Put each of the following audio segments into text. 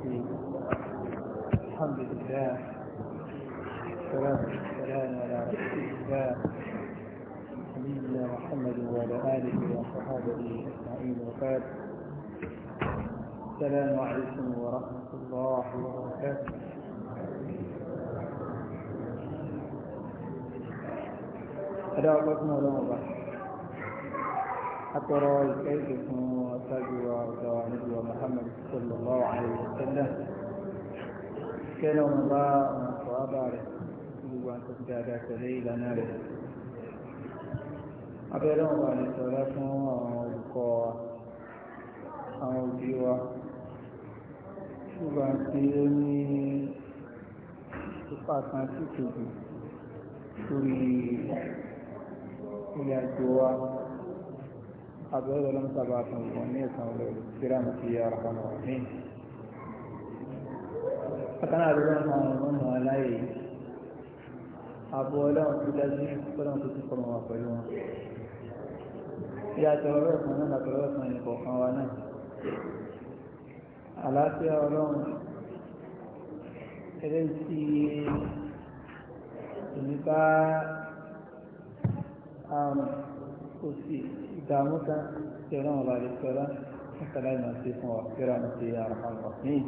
الحمد لله والصلاة والسلام على رسول الله نبينا محمد وعلى آله وصحابه أجمعين وبعد السلام عليكم ورحمة الله وبركاته أدعو الله àtọ̀rọ̀ ìkẹ́yìn fún ọ̀ṣájú wa ọ̀gá wa níbi wa Muhammad sallallahu alaihi wa sallam kẹ́lẹ́ wọn bá wọn sọ ábà rẹ̀ gbogbo àti dáadáa tẹ̀lé ìlànà rẹ̀ abẹ́rẹ́ wọn bá lè sọ̀rọ̀ fún àwọn olùkọ́ wa àwọn òbí wa gbogbo àti ó ní ipa kan sí kejì lórí ilé àjò wa. àbẹ̀wò lọ́n sábà fún wọn ní ìsàn olóòrùn síra mọ̀ sí ara kan wọ̀ ní. Bákan náà lọ́n máa ń mọ̀ wọn láàyè. Àbọ̀ ọlọ́run ti dájú ọlọ́run tó ti fọmọ wà pẹ̀lú wọn. Ìyá àtọ̀rọ̀ kan náà àtọ̀rọ̀ ìdààmú kan tí ọlọ́run bá lè sọ́lá látàlá ìmọ̀ sí fún wa kíra ní ti àrùn ọ̀sìn.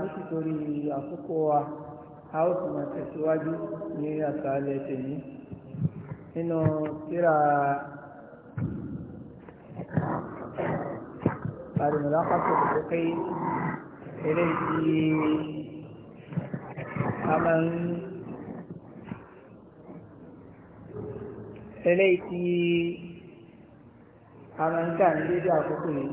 ní títorí àkókò wa a ó sì máa tẹ̀síwájú ní àtàlẹ̀ tèmi nínú eléyìí tí a máa ń kà ní dédé àkókò yìí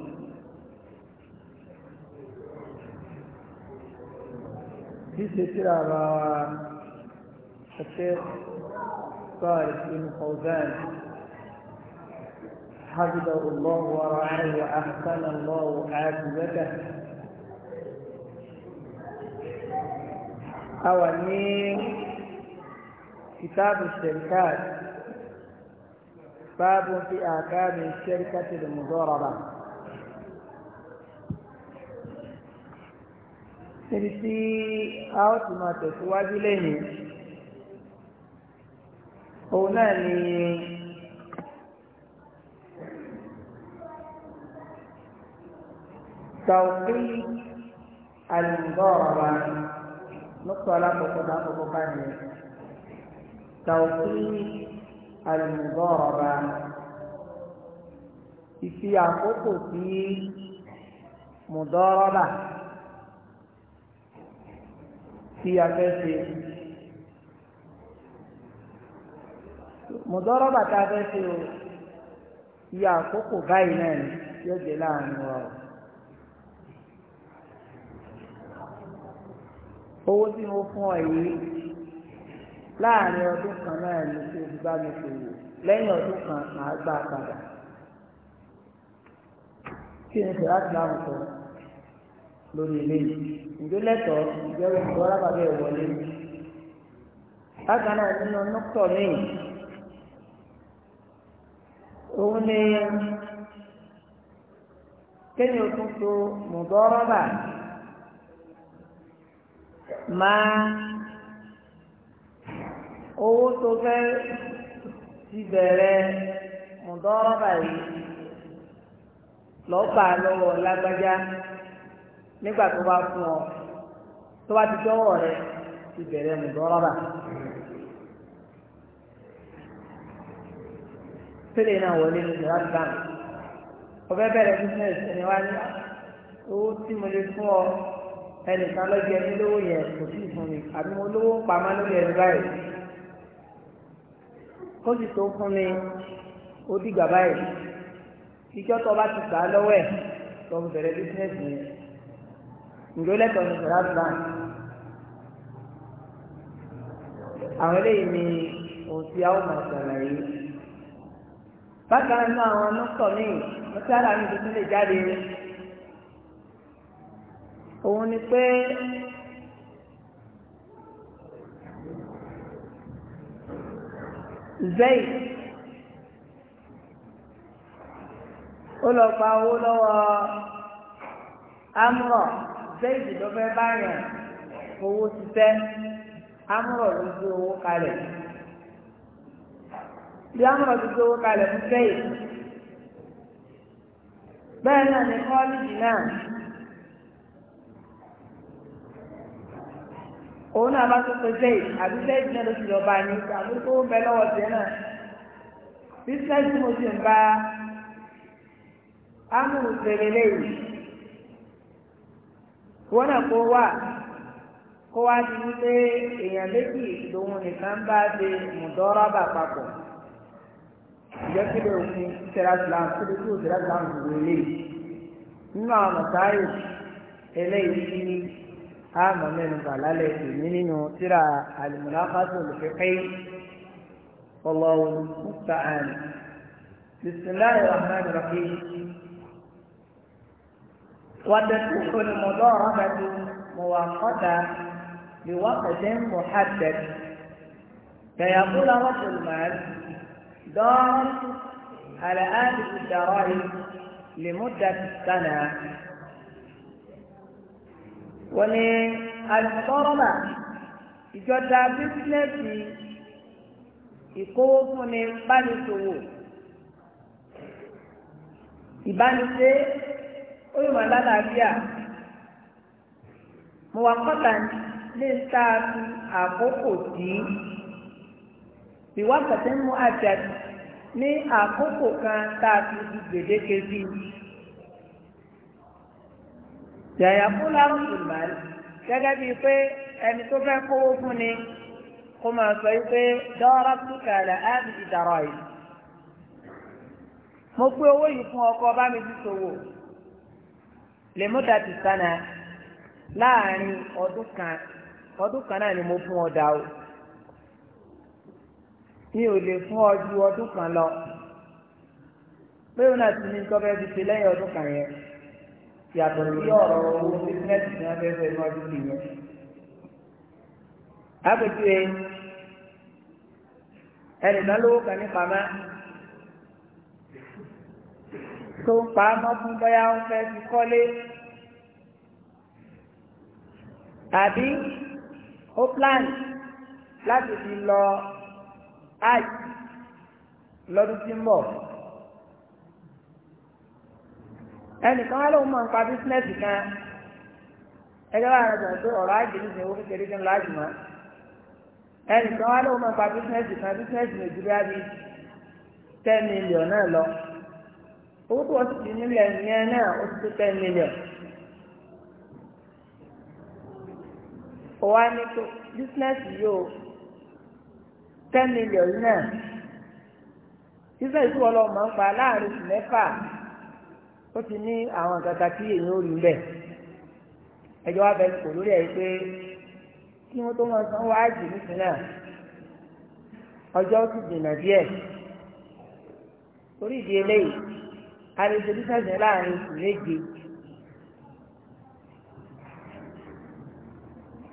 ṣíṣe tíra bá wa ṣẹṣẹ صالح بن فوزان حفظه الله ورعاه وأحسن الله عاقبته أولي كتاب الشركات باب في آكام الشركة المضاربة níbi tí a ó ti máa tẹ̀síwájú lẹ́yìn òun náà ni tàwùkí àlùmọ́ọ̀rọ̀ nípa alákọ̀ọ́kọ́ dákọ̀ọ́kọ́ bá ní tàwùkí àlùmọ́ọ̀rọ̀ba ìfi àkókò sí mùdọ́rọ́bà tí a fẹ́ ṣe mùdọ́rọ́bà tá a fẹ́ ṣe o iye àkókò báyìí náà yóò jẹ́ láàrin wa o. owó tí mo fún ọ yìí. láàrin ọdún kan náà ni tí o fi bá mi agba lẹ́yìn ọdún kan màá gbà padà kí ni sọ̀rọ̀ àti láwọn sọ lórí eléyìí ìdólẹ́tọ̀ ìjọba ìjọba alábàbẹ̀ wọlé bákan náà nínú nọ́kítọ̀ míì òun ni so mọ̀dọ́rọ́bà máa. owó tó fẹ́ ti bẹ̀rẹ̀ mùdọ́rọ́bà yìí lọ́ba lọ́wọ́ lágbájá nígbà tó bá fún ọ tó bá ti jọ́wọ́ rẹ ti bẹ̀rẹ̀ mùdọ́rọ́bà. pélé náà wọlé ní ìjọba bank ọbẹ̀ bẹ̀rẹ̀ business ẹni wá ní owó tí mo lè fún ọ ẹnìkan lọ́jọ́ ẹni lówó yẹn kò sí ìfún àbí mo lówó pamọ́ lórí ẹni báyìí kó sì tó fún mi ó dìgbà báyìí ìjọ tó bá ti gbà á lọ́wọ́ ẹ̀ tó ń bẹ̀rẹ̀ bísíǹsì yẹn ìjọ lẹ́tọ̀ọ́ ní sọ̀rọ̀ àdúrà àwọn eléyìí ni ohun tí a ó máa ṣàlàyé bákan náà àwọn nọ́tọ̀ míì mọ́tàlá mi tuntun lè jáde òun ni pé zayd ó lọ gba owó lọ́wọ́ amúrọ zayd ló fẹ́ báyàn owó ṣiṣẹ́ amúrọ ló gbé owó kalẹ̀ bí amúrọ ti gbé owó kalẹ̀ fún zayd bẹ́ẹ̀ náà ni kọ́ọ̀lì náà. òun náà bá tún pe àbí zayd náà ló ti lọ bá ní àbí tó bẹ lọ́wọ́ tiẹ̀ náà business mo ti ń bá tèrè léyìí náà kó wà kó wá di wípé èèyàn méjì lòun nìkan bá ṣe mùdọ́rọ́bà papọ̀ ìjọsílẹ̀ òfin léyìí nínú a mọ̀ mẹ́nu bà lálẹ́ èmi nínú tíra àlùmọ́láfàtò olùfẹ́fẹ́ ọlọ́run musta'an bisimilahi rahman rahim wàdàtú olùmọ̀dọ́ ọ̀rọ̀dàtú mọ̀wàkọ́ta lìwàkọ̀tẹ́ mọ̀hádẹ́t kẹyàkúlà rọ́pùlùmọ́án dọ́ọ̀rọ̀ على آلة الدراهم لمدة سنة wọ́n ní àtọ́rọ́mà ìjọta bísíǹnẹ́sì ìkówó fúnni bánisòwò ìbánisé oyinmọ̀ lálàáfíà mo wà kọ́tà lè sáàtú àkókò tí ìwà kọ̀tẹ́nu àjẹ ní àkókò kan tá a fi gbèdéke sí i yàyà fúlà mùsùlùmáì gẹ́gẹ́ bíi pé ẹni tó fẹ́ kówó fún ni kó máa sọ yìí pé dọ́ra túkà lẹ̀ áàbì ìdàrọ̀ yìí. mo pé owó yìí fún ọkọ bá mi ti ṣòwò lè mú dàtí sánà láàárín ọdún kan ọdún kan náà ni mo fún ọ dá o mi ò lè fún ọ ju ọdún kan lọ pé òun àti mi ń tọ́ bẹ́ẹ̀ fi lẹ́yìn ọdún kan yẹn yàtọ̀ sí ọ̀rọ̀ owó bísínẹ́sì tí wọ́n fẹ́ fẹ́ ní ọdún tì yẹn. Àpèjúwe ẹnì kan lówó kan ní pamá tó ń pa á mọ́ fún bóyá ó fẹ́ fi kọ́lé àbí ó plan láti fi lọ àì lọ́dún tí ń bọ̀. ẹnìkan wá lóun máa ń pa bísínẹ́sì kan ẹgbẹ́ wa rẹ̀ sọ̀rọ̀ pé ọ̀rọ̀ ajé ní ìsinmi owó kékeré kan láàjù mọ́ ẹnìkan wá lóun máa ń pa bísínẹ́sì kan bísínẹ́sì nàìjíríà bíi ten million náà lọ owó tó wọ́n ti di nílẹ̀ yẹn náà ó ti tó ten million. wa ní tó business yóò ten million náà business wọ́n lọ máa ń pa láàrin oṣù mẹ́fà ó ti ní àwọn kankan tí èyí ó rí ń bẹ̀ ẹjọ́ wa bẹ kò lórí ẹ̀ pé kí wọ́n tó máa san wáàjì nísìnyí náà ọjọ́ ti dènà díẹ̀ torí ìdí eléyìí àlejò nísàsìn láàrin oṣù méje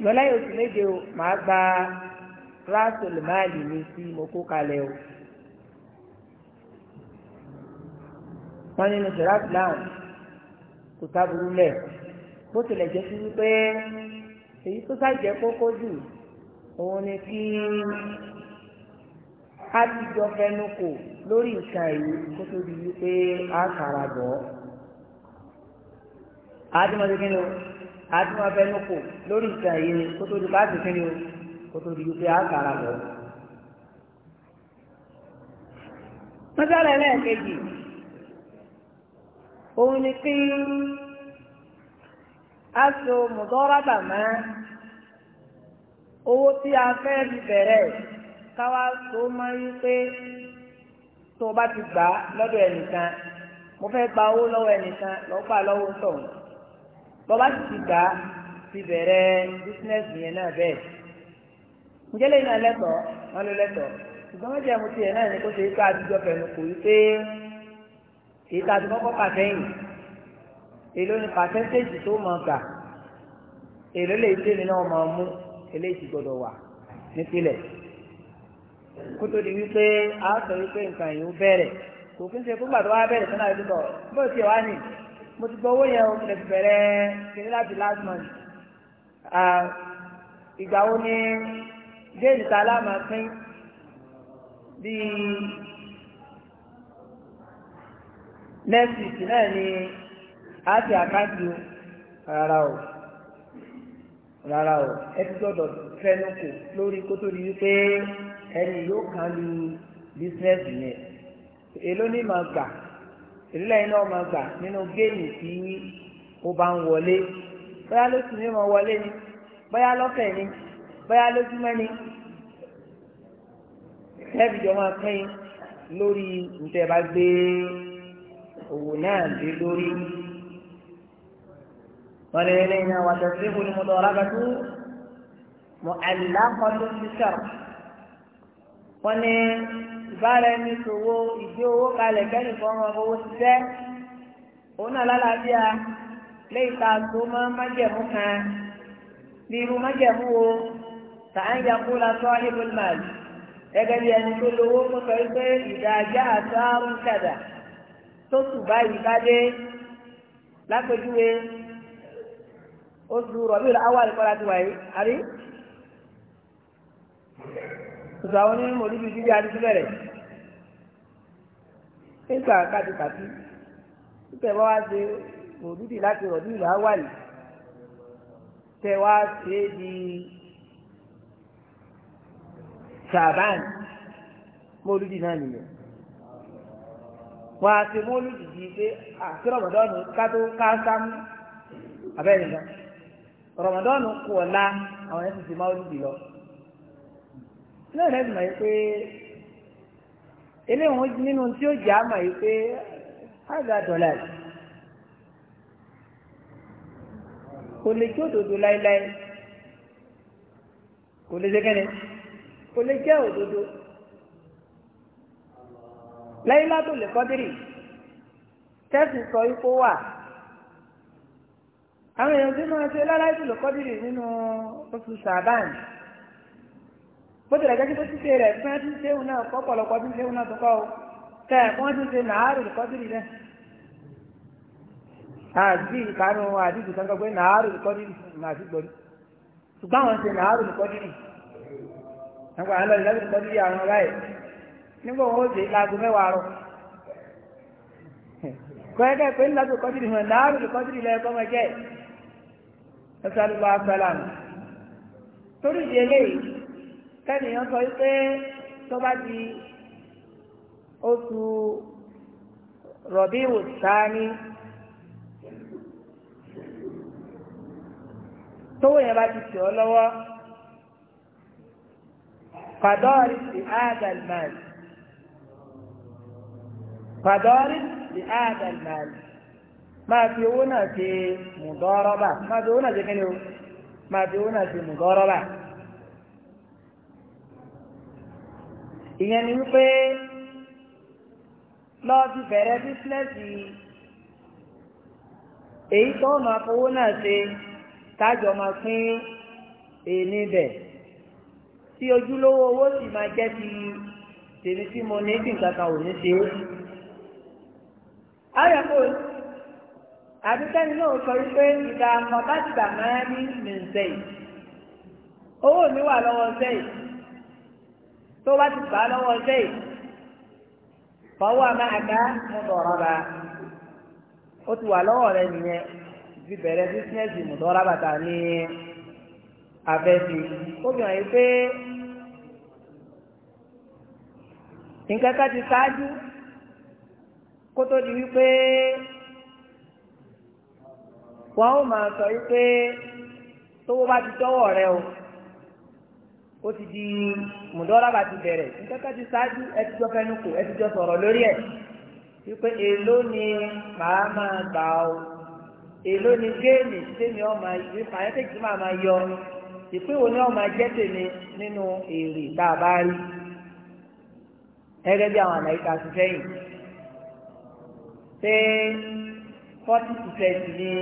lọ́láyé oṣù méje o màá gba ráṣọ̀lùmáàlì mi sí mo kó kalẹ̀ o. wọ́n nínú sọ̀rọ̀ islam kò sábúrú lẹ̀ bó tilẹ̀ jẹ́ sí wípé èyí tó sàjẹ́ kókó jù òun ni kí á ti jọ fẹnu kò lórí nǹkan yìí kó tó di wípé á kàrà bọ̀ ọ́ àdìmọ̀ ti kíni o àdìmọ̀ fẹnu kò lórí nǹkan yìí kó tó di bá ti kíni o kó tó di wípé á kàrà bọ̀ ọ́. mọ́tàlá ẹlẹ́ẹ̀kejì. òun ni pé a so mùdọ́rábà mọ́ owó tí a fẹ́ fi bẹ̀rẹ̀ káwá so mọ́ wípé tó o bá ti gbà lọ́dọ̀ ẹnìkan mo fẹ́ gba owó lọ́wọ́ ẹnìkan lọ́ọ́ lọ́wọ́ sọ̀rọ̀ bọ́ bá ti ti gbà fi bẹ̀rẹ̀ bísínẹ́sì yẹn náà bẹ́ẹ̀ njẹ́lẹ̀ yìí náà lẹ́tọ̀ọ́ wọn ló lẹ́tọ̀ọ́ ṣùgbọ́n wọ́n jẹ́ mo náà kó ṣe é ká èyí tá a ti kọ́kọ́ pàtẹ́yìn èló ni pàtẹ́ntéèjì tó máa gbà èló lè tẹ́ ni náà máa mú eléyìí ti gbọ́dọ̀ wà nípìnlẹ̀ kótó di wípé a sọ wípé nǹkan yìí ó bẹ̀rẹ̀ kò kí n ṣe fúngbà wá bẹ̀rẹ̀ sọ́nà ìlú bọ̀ bó ti wá nì mo ti gbọ́ owó yẹn o lè bẹ̀rẹ̀ kiri láti last month ìgbà wo ni déèlì tá a lá máa pín bíi next week náà ni a ti àkáǹtì rárá o rárá o ẹ ti gbọ́dọ̀ fẹnu kò lórí kó tó di wípé ẹni yóò kàn lu business yẹn èló ní máa gbà èló lẹ́yìn náà máa gbà nínú géèmù tí ó bá ń wọlé bóyá lóṣù ní máa wọlé ni bóyá lọ́fẹ̀ẹ́ ni bóyá lójúmọ́ ni ẹbí máa pín lórí ntẹ bá gbé òwò náà lé lórí wọ́n lè lè yan wàtò sí ìfúnnimọ̀tò ọ̀làbàtú mọ̀ àlàkọ́tò sísà wọ́n ní ìbára ẹni sòwò ìdí owó kalẹ̀ kẹ́ni fọ́nmọ́ owó ṣiṣẹ́ òun náà lálàáfíà lẹ́yìn tá tó mọ́ májẹ̀mú kan bí irú májẹ̀mú wo tàà ń yakú la sọ ibùdó màlì bí ẹni tó lówó kó sọ pé ìdájá àtàrùn kàdà tó tù báyìí bá dé lápẹjúwe oṣù rọ̀bí àwọn àlùkọ́lá ti wà yìí àrí oṣù àwọn onímọ̀ olúbi bíbí adúgbò bẹ̀rẹ̀ nígbà káàdì kàtí títẹ̀ bá wá ṣe mòlúdì láti rọ̀bí àwọn tẹ wá ṣe di ṣàbán mòlúdì náà nìyẹn wọ́n ti mọ́lù dìdí pé àti rọ̀mọ̀dọ́nù kátó kásámú abẹ́rẹ́ náà rọ̀mọ̀dọ́nù kù ọ̀la àwọn ẹ̀sìn ti mọ́lù dì lọ. náà lẹ́sìn máa pé eléwọ̀n nínú tí ó jà á pé ága dọ̀là kò lè tí ó láéláé kò lè jẹ́ kẹ́ni kò lè jẹ́ òdodo. Laylatul Qadri tẹ́sì sọ ipò wà àwọn èèyàn tí máa ṣe Laylatul Qadri nínú oṣù sàbáàn bó tilẹ̀ jẹ́ kí tó ṣiṣẹ́ rẹ̀ fún ẹtí ṣéhùn náà kọ́ pọ̀lọpọ̀ tí náà tó kọ́ o tẹ́ ẹ̀ fún ẹtí ṣe Naharul Qadri rẹ̀ àti ìkànnì pé ṣùgbọ́n àwọn ṣe nígbà wọn ó dé láago mẹ́wàá rọ kọ́yẹ́kẹ́ pé ńlá tó kọ́jú ìmọ̀ náà lè kọ́jú ìlẹ̀ ẹ̀kọ́ mọ́ jẹ́ ẹ̀sàlùbọ̀ asàlám torí ìdí eléyìí kẹ́nìyàn sọ pé tó bá di oṣù rọ̀bíwù sáání tówó yẹn bá ti tì ọ́ lọ́wọ́ kàdọ́ọ̀rì sí áàdàlmáàdì fàdọ́rí lè áàdà ìlàlì máa fi owó náà ṣe mùdọ́rọ́bà máa fi owó náà ṣe kíni o máa fi owó náà ṣe mùdọ́rọ́bà. ìyẹn ni wípé lọ́ọ́ ti bẹ̀rẹ̀ bísíǹnẹ́sì èyí tó máa fowó náà ṣe tájọ máa pín èmi bẹ̀ tí ojúlówó owó sì máa jẹ́ ti tèmi tí mo ní bí nǹkan kan ò ní ṣe é ayọ̀kọ̀ àbíkẹ́ni náà sọ wípé ìdá mọ̀tàdìgbà máa ní mẹ́ǹsẹ̀ yìí owó mi wà lọ́wọ́ sẹ́yìn tó bá ti gbà lọ́wọ́ sẹ́yìn fọwọ́ àmà àká mọ̀tọ̀rọ̀bà ó ti wà lọ́wọ́ rẹ nìyẹn ti bẹ̀rẹ̀ bísíǹnẹ́sì mọ̀tọ̀rọ̀bà ta ní abẹ́sí ó fi hàn yí pé nǹkan kan ti ṣáájú kó tó di wípé wọn ó máa sọ wípé tówó bá ti tọ́wọ́ rẹ o ó ti di mùdọ́lábà ti bẹ̀rẹ̀ nǹkan ti ṣáájú ẹ ti jọ fẹnu kù ẹ ti jọ sọ̀rọ̀ lórí ẹ̀ wípé èló ni màá máa gbà o èló ni géèmì tèmi ọmọ ìfà yẹn tèmi máa máa yọ ìpín wo ni wọn máa jẹ tèmi nínú èrè tá a bá rí gẹ́gẹ́ bí àwọn àlàyé ta ti fẹ́yìn pé forty percent ní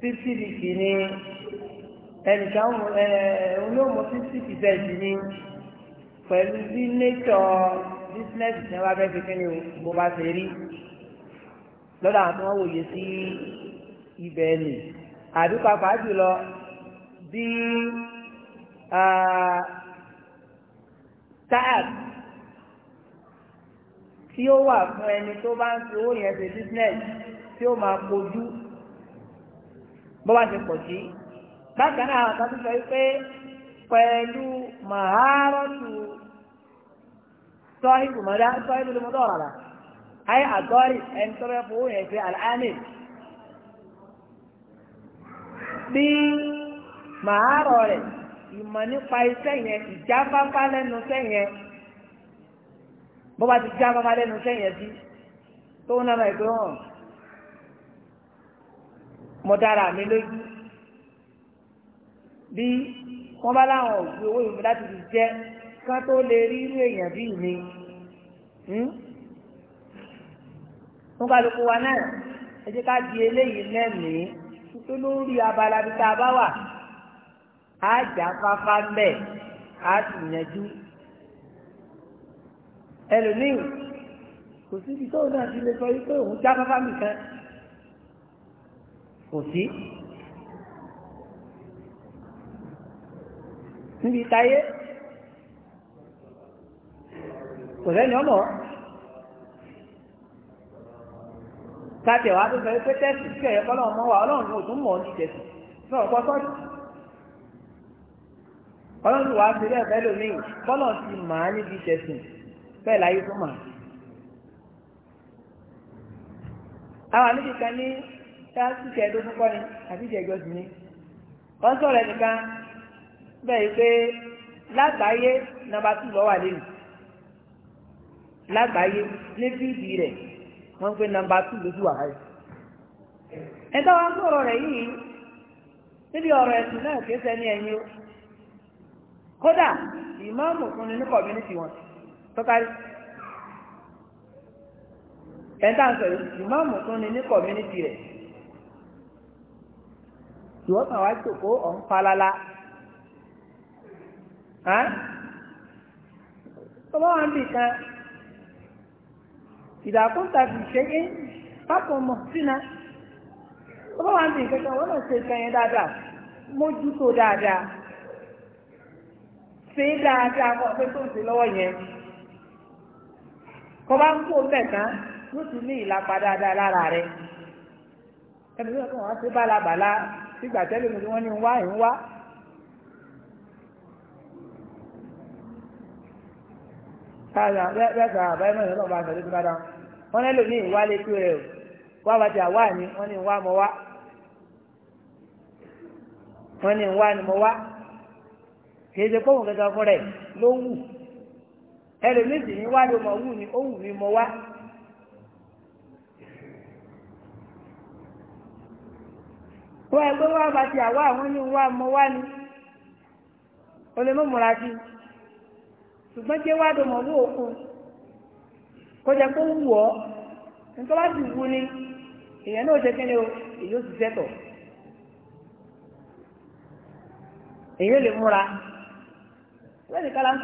fifty fifty ní ẹnìkan olóòmù fifty percent ní pẹ̀lú bí nature business ní wàá fẹ́ fi kí ni mo bá ṣe rí lọ́dọ̀ àwọn tí wọ́n wòye sí ibẹ̀ ni àbí pàápàá jùlọ bí ah, táàbù. tí ó wà fún ẹni tó bá ń fi owó yẹn ṣe business tí ó máa kojú bó bá ṣe pọ̀ sí. bákan náà àwọn kan tó sọ pẹ̀lú màárọ̀tù sọ́hìbù mọ́dá sọ́hìbù ló mọ́ ọ̀rọ̀ ayé ẹni tó fowó yẹn ṣe àlàáni. bí bọ́ bá ti já bàbá lẹ́nu sẹ́yìn ẹ̀sí tó ń náà ẹ̀gbẹ́ hàn mo dára mi lójú bí wọ́n bá láwọn òbí owó ìwé láti fi jẹ́ ká tó lè rí irú èèyàn bíi mi hmm? fún kálukú wa náà ẹ jẹ́ ká di eléyìí lẹ́mìí tó lórí abala tá a bá wà á jà fáfá mbẹ́ á sì yanjú ẹlòmíì kò síbi tóun náà ti lè sọ yí pé òun já fáfá mi kan kò sí. níbi táyé kò sẹ́ni ọmọ káàtì ẹ̀wá tó sọ pé tẹ́sì tí ẹ̀yẹ kọ́lọ́ ọmọ wa ọlọ́run ò tún mọ̀ ọ́ ní tẹ̀sì náà ọ̀pọ̀ sọ́ọ̀tì ọlọ́run wàá fi rẹ̀ bẹ́ẹ̀ lómi bọ́lọ̀ ti mà á níbi tẹ̀sì bẹ́ẹ̀ láyé tó mà. àwọn àmì kan ní sáàsì kẹẹ̀ẹ́dógún kọ́ ni àbí ìjẹ́jọ́ sì ni wọ́n sọ̀rọ̀ ẹnìkan bẹ́ẹ̀ yìí pé lágbàáyé nàbà tù lọ́wọ́ àlejò lágbàáyé ní fíìdì rẹ̀ wọ́n ń pè nàbà tù lójú àárẹ̀ ẹ̀dá wa sọ̀rọ̀ rẹ̀ yìí níbi ọ̀rọ̀ ẹ̀sùn náà kéṣẹ́ ní ẹ̀yìn o kódà ìmáàmù fún ni ní kọ̀mínítì wọn tọ́kárí ẹ̀ńtà ń sọ̀rọ̀ ìmáàmù tún ni ní kọ̀mínítì rẹ̀ ìwọ́n kan wá jòkó ọ̀hún falala tọ́lọ́ wa ń bì kan ìdàkúntà fi ṣe é pápọ̀ mọ̀ sínú tọ́lọ́ wa ń bì kankan wọ́n náà ṣe kan yẹn dáadáa mójútó dáadáa ṣe é dáadáa kọ́ pé tó ń ṣe lọ́wọ́ yẹn kọ́ bá ń kó mẹ́kan ló ti ní ìlapa dáadáa lára rẹ̀ ẹni tó kàn wá sí bálabàlá sígbà tẹ́lẹ̀ mi ni wọ́n ní ń wá ń wá. káyà bẹ́ẹ̀ sọ àbáyé mọ̀ nígbà bá sọ̀rọ̀ ìdúbàdà wọn lẹ́lò ní ìwálé tó rẹ̀ o wá bàtí àwa ni wọ́n ní ń wá mọ́ wá wọ́n ní ń wá ni mọ́ wá kì í ṣe pọ́ùn kẹta fún rẹ̀ ló wù. ẹlòmíjì ní wá ló mọ òun ni òun mi mọ wá. wọ́n ẹgbẹ́ wá bá ti àwọ̀ àwọn ní wá mọ wá ni o lè mọ múra sí ṣùgbọ́n wá òkun kó kó wù ọ́ nítorí o èyí ó sẹ́tọ̀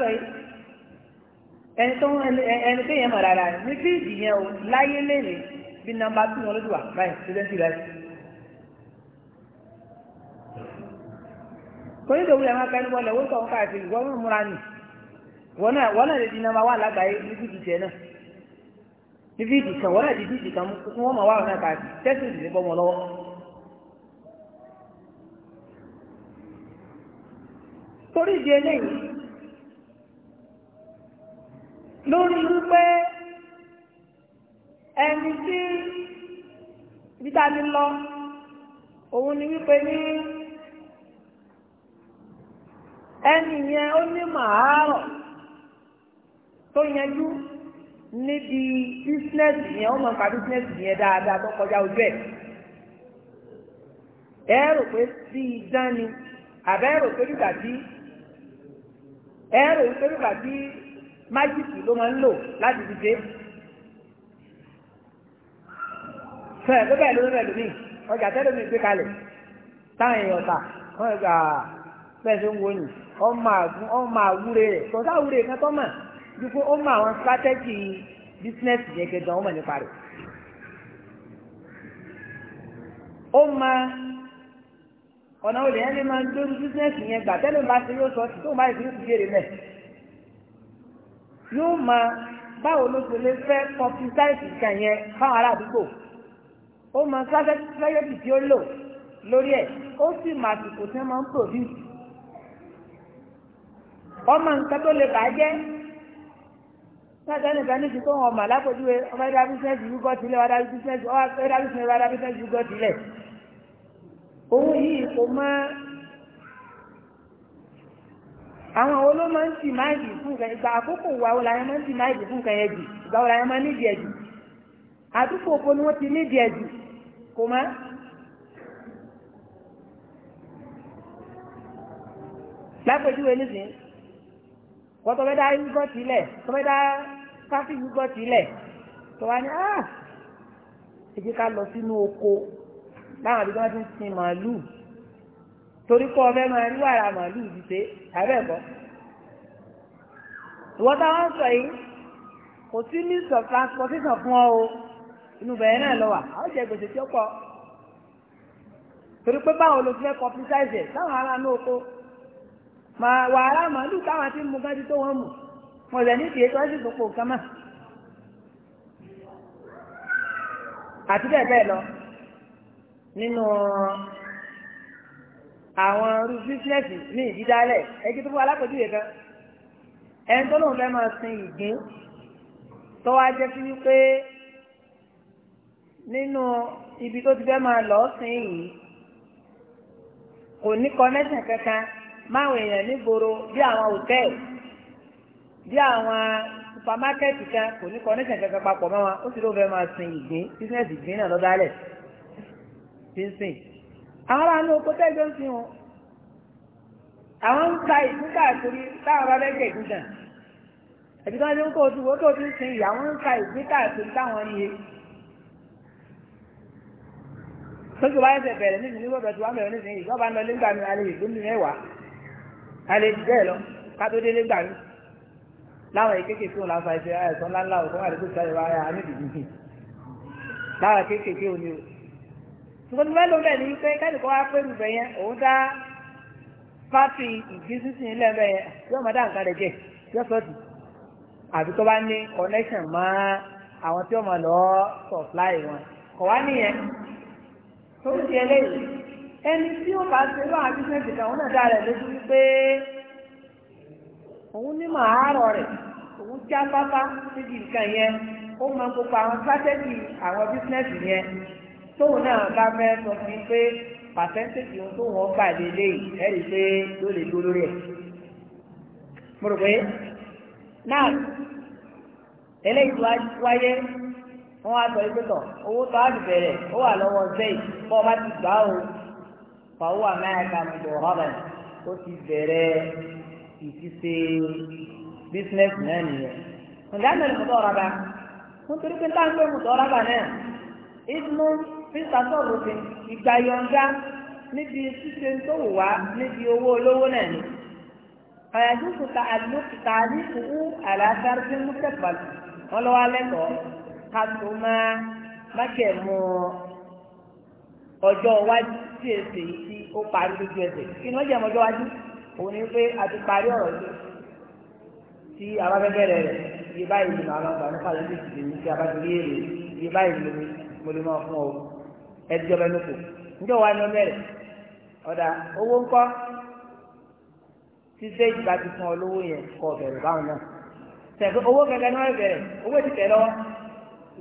èyí ẹni tó ẹni tó yẹn mọ̀ rárá ni ní fíìdì yẹn o láyé lẹ́yìn bí nọ́mbà tí wọn ló ti wà báyìí ṣẹlẹ́sì rẹ. torí ìdòwú yẹn máa fẹ́ níbọ̀ lẹ̀ wọ́n sọ̀rọ̀ káàkiri wọ́n mú múra nì wọ́n náà lè di nọ́mbà wà lágbàáyé ní fíìdì jẹ náà ní fíìdì kan wọ́n náà di fíìdì kan mú wọ́n mọ̀ wà wọn náà káàkiri tẹ́sí ìdílé bọ́ wọn lọ́wọ́. torí ìdí eléyìí lórí wípé ẹni tí vitamin lọ òun ni wípé ní ẹni yẹn ó ní màárọ̀ tó yanjú níbi bísínẹ́sì yẹn ó mọ̀ nípa bísínẹ́sì yẹn dáadáa tó kọjá ojú ẹ̀ ẹ rò pé sí idán ni àbẹ́ rò pé nígbà tí ẹ rò pé nígbà tí májíìkì ló máa ń lò láti fi dé fẹ́ ló bẹ́ẹ̀ ló bẹ́ẹ̀ lómi ọjà tẹ́lẹ̀ mi gbé kalẹ̀ táwọn èèyàn ta wọ́n gbà bẹ́ẹ̀ ṣe ń wo ni ọmọ àwúre rẹ̀ kò sáwúre kan tó mọ̀ ju pé ó mọ àwọn strategy business yẹn gẹ̀gẹ̀ ọmọ nípa rẹ̀ ó mọ ọ̀nà olè yẹn lè máa ń dórí business yẹn gbà tẹ́lẹ̀ bá ṣe yóò sọ ọ́ sí tó ń bá ìfúrúkú jèrè mẹ́ẹ̀ yóò ma báwo ló ṣe lè fẹ́ publicize nǹkan yẹn fáwọn ará àdúgbò ó mọ strategy tí ó lò lórí ẹ̀ ó sì mọ àsìkò tí wọ́n máa ń produce ọmọ nǹkan tó lè bàjẹ́ sáàtẹ́ nìkan ní ti kó wọn mà lápòjúwe ọmọ ẹ̀dá bísíǹsì yìí gọ́ tilẹ̀ ọ̀dá bísíǹsì ọ̀dá bísíǹsì ọ̀dá bísíǹsì yìí gọ́ tilẹ̀ òun yìí kò máa àwọn àwọn ló máa ń tì máìlì fún nǹkan ìgbà àkókò wa wo la yẹn máa ń tì máìlì fún nǹkan yẹn jù ìgbà wo la yẹn máa ń nídìí ẹ̀ jù àdúgbò òfo ni wọ́n ti nídìí ẹ̀ kò má. lápèjúwe nísìnyí wọ́n tọ́ fẹ́ dá gbọ́ sílẹ̀ tọ́ fẹ́ dá káfíńgù gbọ́ sílẹ̀ tọ́ wa ni ah ẹ ká lọ sínú oko láwọn àbí tí ti ń sin màálù torí kọ́ ọbẹ̀ máa rí wàrà màálù ìdíje àbẹ̀bọ̀. ìwọ́n táwọn sọ yìí kò sí means of transportation fún ọ o inú bẹ̀rẹ̀ náà lọ wà á ó jẹ gbèsè tí ó pọ̀ torí pé báwo ló fi fẹ́ publicize ẹ̀ táwọn ará ní oko màá wàrà màálù táwọn ti mú gán ti tó wọn mú wọn lẹ̀ ní ìdíyẹ tó ń sì gbogbo nǹkan mọ́ àti bẹ́ẹ̀ bẹ́ẹ̀ lọ nínú àwọn irú bísíǹsì ní ìdídálẹ̀ ẹgbẹ tó fún alákòjúwe kan ẹni tó lóun fẹ́ máa sin ìgbín tó wá jẹ́ sí wípé nínú ibi tó ti fẹ́ máa lọ sin yìí kò ní kọ́nẹ́sìn kankan máwọn èèyàn nígboro bí àwọn hòtẹ́ẹ̀lì bí àwọn supamákẹ́ẹ̀tì kan kò ní kọ́nẹ́sìn kankan papọ̀ mọ́ wọn ó sì lóun fẹ́ máa sin ìgbín bísíǹsì ìgbín náà lọ́dálẹ̀ tí àwọn ará oko tẹ́jọ́ ń fi hàn àwọn ń ta ìdún káàkiri táwọn bá bẹ́ẹ̀ gẹ̀ẹ́dún dàn ẹ̀bí tó ń dín tó ti ń sin ìyá wọn ń ta ìdún káàkiri táwọn yé tókè wáyé ṣe bẹ̀rẹ̀ ní ìlú tí wọ́n bẹ̀rẹ̀ nísìnyí ìjọba ń lọ lé gbàmí alẹ́ ìlú mẹ́wàá alẹ́ ìdí bẹ́ẹ̀ lọ kátó dé lé gbàmí láwọn ìkéèké tí òun láfa ẹsẹ̀ ẹ̀sán ńláńlá òkú nǹkan tó fẹ́ ló bẹ̀ ni wípé kẹ́nìkan wá pé rúbẹ̀ yẹn òun dá fáfì ìgbésísìn ilé ẹ̀bẹ̀ yẹn yóò máa dá nǹkan rẹ̀ jẹ yóò sọ́ọ̀tì àbí tó bá ní connection mọ́ àwọn tí ó máa supply wọn kọ̀ wá nìyẹn tó ń di eléyìí ẹni tí ó bá ṣe lọ́wọ́ àbísẹ́ǹtì kan òun náà dá rẹ̀ lójú wípé òun ní màárọ̀ rẹ̀ òun já pápá síbi nǹkan yẹn ó máa gbogbo àwọn strategy àwọn bísínẹ́sì yẹn tóun náà bá fẹ́ sọ fún mi pé pàṣẹ́ntéèjì tó wọ́n gbà lélẹ̀ yìí ẹ̀rí pé ló lè dúró rẹ̀. mo rò pé náà eléyìí tó wáyé wọ́n á sọ pé tọ̀ owó tó á ti bẹ̀rẹ̀ ó wà lọ́wọ́ zeyi bọ́ bá ti gbà ó fàwọ́ mọ̀jọ̀ mista sọ̀rọ̀ fi ìgbà yọ̀ǹda níbi ṣíṣe tó wù níbi owó olówó náà ni ọ̀yàjú kùtà àlùkùtà ní kùkú àlàáfíà tí mú tẹ̀pàlù wọn lọ́wọ́ alẹ́kọ̀ọ́ ká tó máa má kẹ̀ mú ọjọ́ iwájú tí èsè yìí tí ó parí lójú ẹsẹ̀ kí ni wọ́n jẹ́ ọjọ́ iwájú òun ni pé a ti parí ọ̀rọ̀ yìí tí a bá fẹ́ bẹ̀rẹ̀ rẹ̀ iye báyìí ni màá máa gbà nípa lójú ìdílé tí a bá ti rí èrè iye báyìí ni mo lè máa fún ọ ẹdìjọba ẹnu kù njọ wa ẹnu mẹrẹ ọdà owó ńkọ́ ṣíṣe ìgbà ti fún ọ lówó yẹn kọ bẹ̀rẹ̀ báwọn náà tẹgbẹ owó kẹkẹ náà bẹ̀rẹ̀ owó ti tẹ lọ́wọ́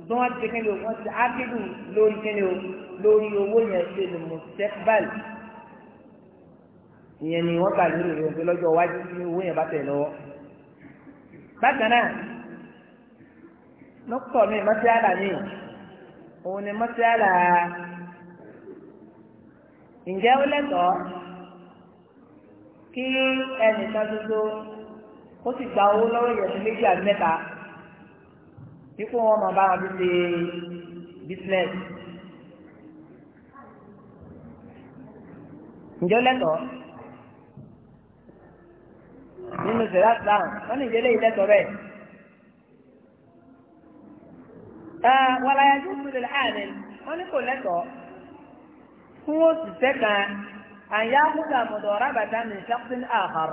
ṣùgbọ́n wọn ti ṣe kéde wọn ti ákéde lórí kéde o lórí owó yẹn ṣe ni mo ṣe báyìí ìyẹn ni wọn kà lórí rẹ pé lọ́jọ́ iwájú ní owó yẹn bá tẹ lọ́wọ́ bákan náà lọ́kọ̀ mi mọ́tíálà mi òun ni mọ́tíálà ǹjẹ́ ó lẹ́tọ̀ọ́ kí ẹnìkan gbogbo ó sì gba owó lọ́wọ́ ìyẹ̀sí méjì àti mẹ́ta dípò wọn máa bá wọn fi ṣe bísínẹ́sì. ǹjẹ́ ó lẹ́tọ̀ọ́ nínú sẹ̀rá sàn wọ́n ní ìdílé yìí lẹ́tọ̀ọ́ bẹ́ẹ̀. wàlàyé tó kúrò láàrin wọ́n ní kò lẹ́tọ̀ọ́ fún òṣìṣẹ́ kan àyà múdà mọ̀dọ̀ rábàtà ní ṣáfíìn àhàr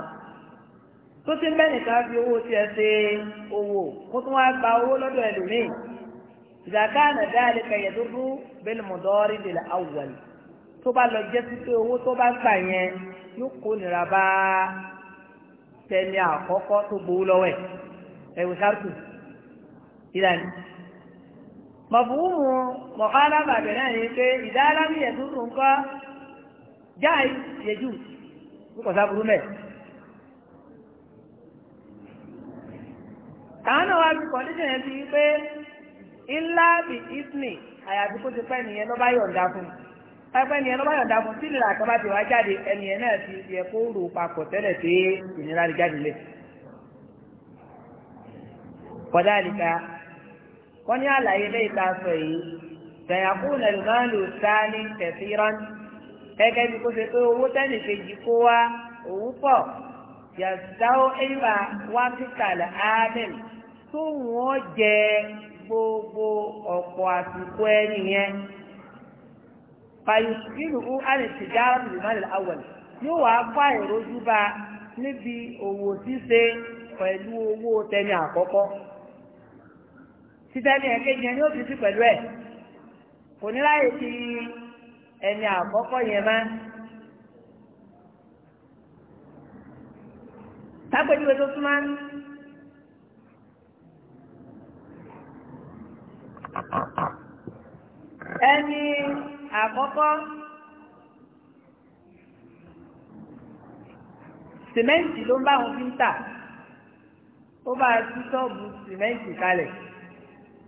tó ti mẹ́nìkan fi owó tiẹ̀ ṣe owó kó tún wá gba owó lọ́dọ̀ ẹlòmíì ìdàkà nàdá lè kẹyẹ tó fún bẹ́ẹ̀ mọ̀dọ́rí lè la awọ̀lì tó bá lọ jẹ́ pípé owó tó bá gbà yẹn yóò kó nira bá tẹni àkọ́kọ́ tó gbowó lọ́wọ́ ẹ̀ ẹ̀wò sárkù ìlànà mọ̀fúnmù mọ̀kálá bàbẹ̀ náà ni pé ìdálámì ẹ̀dúnrún nǹkan jáì yẹjú kò sáburú mẹ́. kàánà wa fi kọ́ndíṣẹ̀ yẹn ti pé ńlá bí ismi àyàfi kó ti pẹ́ nìyẹn ló bá yọ̀ǹda fún pẹ́pẹ́ nìyẹn ló bá yọ̀ǹda fún tí ìlera kan bá ti wá jáde ẹnìyẹn náà ti yẹ kó rò papọ̀ tẹ́lẹ̀ pé ìnira lè jáde lẹ̀. kọ́dá àlìkà wọ́n ní àlàyé lẹ́yìn tá a sọ yìí sẹ̀yàkùn ẹ̀lùmáàlù sáálí kẹfìrán gẹ́gẹ́ bí kó ṣe pé owó tẹ́nì kejì kó wá òun pọ̀ yàtọ̀ ẹ̀yìnbá wá pítàlà áádẹ́m tó wọ́n jẹ gbogbo ọ̀pọ̀ àsìkò ẹni yẹn fàyùsùkìlù ú àlètìjà ìmọ̀lẹ̀ àwọn yóò wá pa ìrójú bá níbi òwò ṣíṣe pẹ̀lú owó tẹ́nì àkọ́kọ́ títẹ́ ní ẹ̀kejì ẹni ó ti sí pẹ̀lú ẹ̀ kò ní láyè ti ẹni àkọ́kọ́ yẹn má. tágbèjúwe tó súnmọ́ ẹni àkọ́kọ́ sìmẹ́ǹtì ló ń bá wọn fi ń tà ó bá a tú sọ́ọ̀bù sìmẹ́ǹtì kalẹ̀.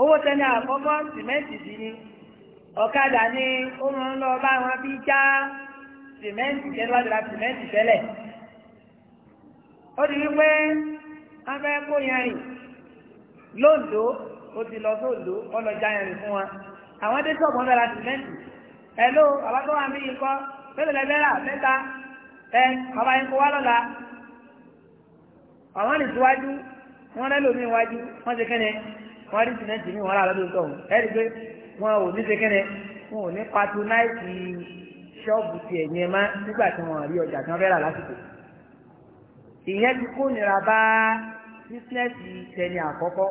owó tẹ́lẹ̀ àkọ́kọ́ sìmẹ́ǹtì sí ni ọ̀kadà ni ó máa ń lọ bá wọn bí já sìmẹ́ǹtì tẹ́lẹ̀ wá dira sìmẹ́ǹtì tẹ́lẹ̀ ó di wípé wọ́n fẹ́ kó yẹn rìn lóńdó ó ti lọ sóńdó ọlọ́jà yẹn rìn fún wa àwọn dé sọ̀bù ń bẹ̀rẹ̀ sìmẹ́ǹtì ẹ̀ló bàbá tó wà níyì kọ́ pẹ́lẹ́ lẹ́bẹ̀rẹ̀ mẹ́ta ẹ bàbá yẹn kó wá lọ́la àwọn nìtúwájú wọ́n rí sìmẹ́ǹtì mi wọ́n rà lọ́dún tó ń ẹ́ rí pé wọn ò ní ṣe kẹ́nẹ̀ wọn ò ní patronáìtì ṣọ́ọ̀bù tiẹ̀ yẹn má nígbà tí wọ́n rí ọjà tí wọ́n fẹ́ rà lásìkò ìyẹn ti kó nira bá tẹni àkọ́kọ́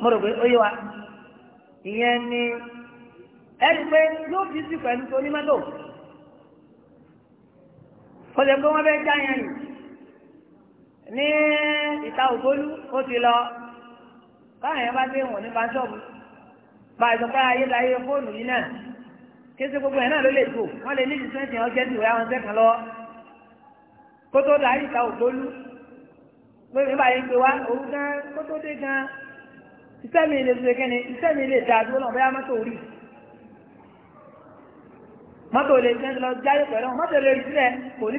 mo rò pé ni pé yóò fi sí pẹ̀lú onímọ́tò ó lè já yẹn ní ìta ògbólú ó ti lọ báwọn yẹn bá dé wọn nípa ṣọ́ọ̀bù bá a sọ pé ayélujáyé fóònù yìí náà kése gbogbo yẹn náà ló lè tó wọn lè níbi twenty ọjọ́ ti wẹ̀ àwọn sẹ́kàn lọ kótó darí ìta ògbólú pé mi bá yẹn gbé wá òun gan kótó dé gan iṣẹ́ mi lè ṣe kẹ́ni iṣẹ́ mi lè dà dúró náà bẹ́ẹ̀ mọ́tò rí mọ́tò lè ṣe lọ jáde pẹ̀lú mọ́tò lè rí sílẹ̀ kò ní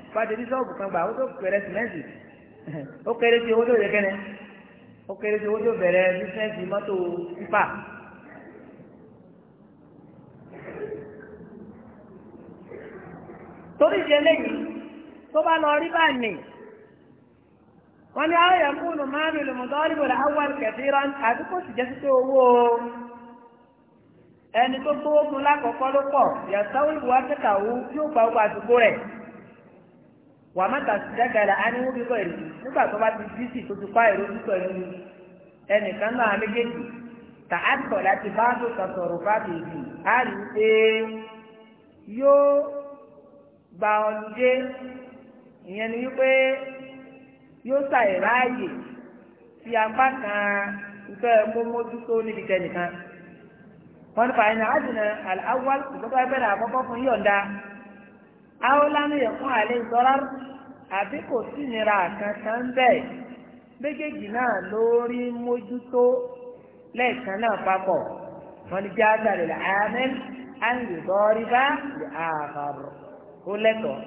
pàdé ní sọ́ọ̀bù kan gbà ó tó pẹrẹ sìmẹ́ǹtì ó kéré sí owó tó yẹ kẹ́nẹ́ ó kéré sí owó tó bẹ̀rẹ̀ bísíǹsì mọ́tò pípà. torí ìṣe lẹ́yìn tó bá lọ rí bá nì wọ́n ní àwọn èèyàn kúnnù máa ń lò mọ̀tọ́rì bò láwọn kẹfì rán àbí kò sì jẹ́ sí pé owó ẹni tó gbówó fún ló pọ̀ yàtọ̀ ìwà kẹta òun yóò gba àdúgbò rẹ̀. wà má ta sí dágàlà á ní wọ́n nígbà tó bá ti dí sí tó ti pa èrò púpọ̀ nínú ẹnìkan náà méjèèjì tà á tọ̀ láti bá tó bá á rí i pé yóò gba ìyẹn ni wípé yóò ṣàìráàyè fi apá kan ìfẹ́ níbi aolanu yẹkun alẹ zọra àbí kò sí ìnira kankan bẹ́ẹ̀ méjèèjì náà lórí mójútó lẹ́ẹ̀kan náà papọ̀ wọn ni jáde lè amẹ́n àǹdùdọ́rí bá lè àbàrò ó lẹ́tọ̀ọ́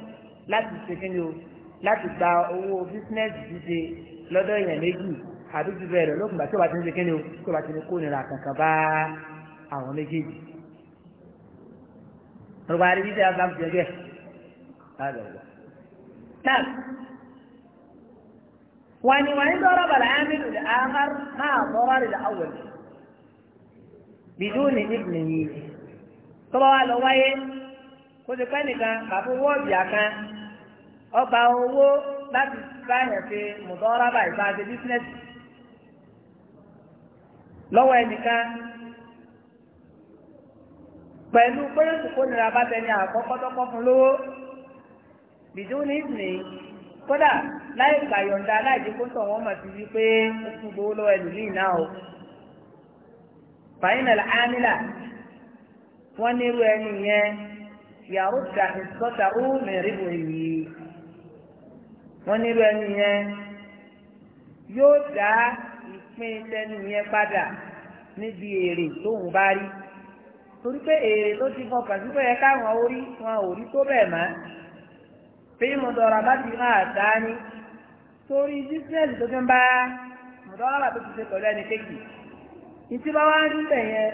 láti ṣe kí ni o láti gba owó bísínẹ́sì díje lọ́dọ̀ èèyàn méjì àbí ju bẹ́ẹ̀ lọ lókùnbà tí ó bá ti ń ṣe kí ni o tí ó bá ti ní kó nira kankan bá àwọn méjèèjì. wọ́n bá rí bí sẹ́yà bá ń jẹ́ هذا هو نعم وأن وإن ضرب العامل الآخر مع ضرر الأول بدون ابنه طبعا لو kóso pé nìkan bàbá owó ọ̀bìà kan owó láti báyọ̀ ṣe mùdọ́rábà ìbá bísínẹ́sì lọ́wọ́ ẹnìkan pẹ̀lú pé kò nira bá tẹni àkọ́kọ́ tọ́kọ́ fún lówó bìdú ní ìsìn kódà láì gbàyọ̀ǹda láì dín kó tàn wọ́n mà ti wí pé ó tún gbowó lọ́wọ́ ẹlòmíì náà o. fàyínàlà ámìlà wọ́n nírú ẹni yẹn yàrá ìjà ìsọ́ta ó mẹ́rin bò èyí wọ́n nírú ẹni yẹn yóò dá ìpín tẹnu yẹn padà níbi èrè tóun bá rí torí pé èrè ló ti fọkàn sí pé ẹ káwọn orí wọn ò rí tó bẹ́ẹ̀ máa fi mọ̀dọ̀rà láti máa dání torí bísíǹsì tó fi ń bá mọ̀dọ̀rà tó ti ṣe pẹ̀lú ẹni kéèkì ìtí bá wá ń bẹ̀ yẹn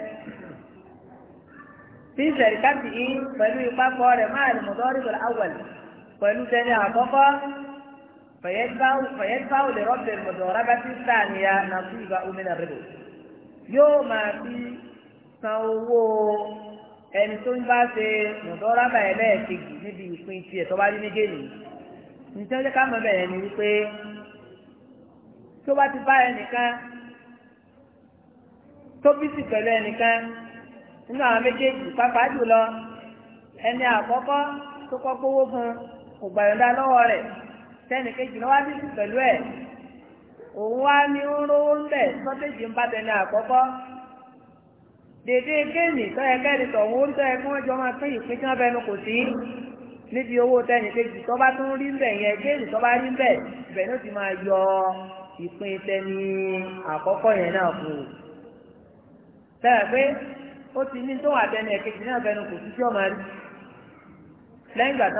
fi ìṣẹ̀rí káàtì yìí pẹ̀lú ìpapọ̀ rẹ̀ máa lè mọ̀dọ̀rì pẹ̀lú awọ̀lì pẹ̀lú tẹni àkọ́kọ́ fẹ̀yẹ́dbáwò lè rọ́bẹ̀ mọ̀dọ̀rà bá ti sáàníyà nàfíìgbà omi nà rẹ̀ yóò máa fi san owó ẹni tó ń bá ṣe mọ̀dọ́rábà ẹ̀ lẹ́ẹ̀kejì níbi ìpín tiẹ̀ tó bá rí méjèèjì nítorí ọjọ́ ká mọ̀ bẹ̀rẹ̀ ni wípé tó bá ti bá ẹnìkan tó bí sì pẹ̀lú ẹnìkan nínú àwọn méjèèjì jùlọ ẹni àkọ́kọ́ tó kọ́ gbówó fún lọ́wọ́ rẹ̀ lọ́wọ́ bí sì pẹ̀lú ẹ̀ òun wá ní ń rówó ń bẹ̀ sọ́tẹ́jì ń bá àkọ́kọ́ dèdè géèmì tọ́yẹ kẹ́ni tọ̀hún ó tọ́yẹ kí wọ́n jọ máa pín ìpín tí wọ́n fẹnu kò sí níbi owó tẹ́ni kejì tó bá tún rí bẹ̀ yẹn géèmì tó bá rí bẹ̀ ti máa yọ ìpín tẹ́ni àkọ́kọ́ yẹn náà kù. pé ó ti ní ẹ̀kejì náà kò sí tí wọ́n máa rí lẹ́yìn ìgbà tó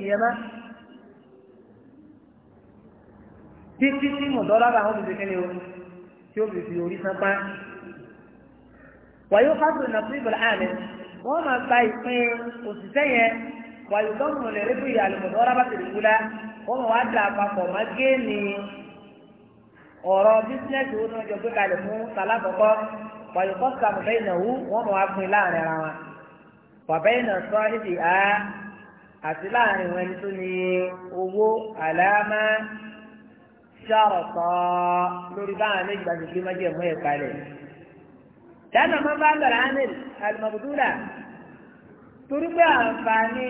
bá yọ títí tí mọ̀dọ́lá bá wọn fi kéde o tí ó fi fi orí san pa. wàyó kásìrì nà fún ìbọ̀lá àmì wọ́n máa gba ìpín òṣìṣẹ́ yẹn wàyó tọ́kùnrin lè rí bíi àlùmọ̀dọ́lá bá ti dìbò la wọ́n máa wá dà papọ̀ má gé ni ọ̀rọ̀ bísíǹnẹ́sì wo ni wọ́n jọ gbé kalẹ̀ fún sàlá kọ̀kọ́ wàyó kọ́sàmù bẹ́ẹ̀ nà wú wọ́n máa wá pín láàrin ara wọn wàbẹ́yìn náà sọ ìdí àá àti láàrin wọn ẹni tó ní owó àlámá ṣàròsọ lórí báwọn méjì bá ti gbé májèmú ẹ̀ kalẹ̀. dáná máa bá bẹ̀rẹ̀ ánìl torí pé àǹfààní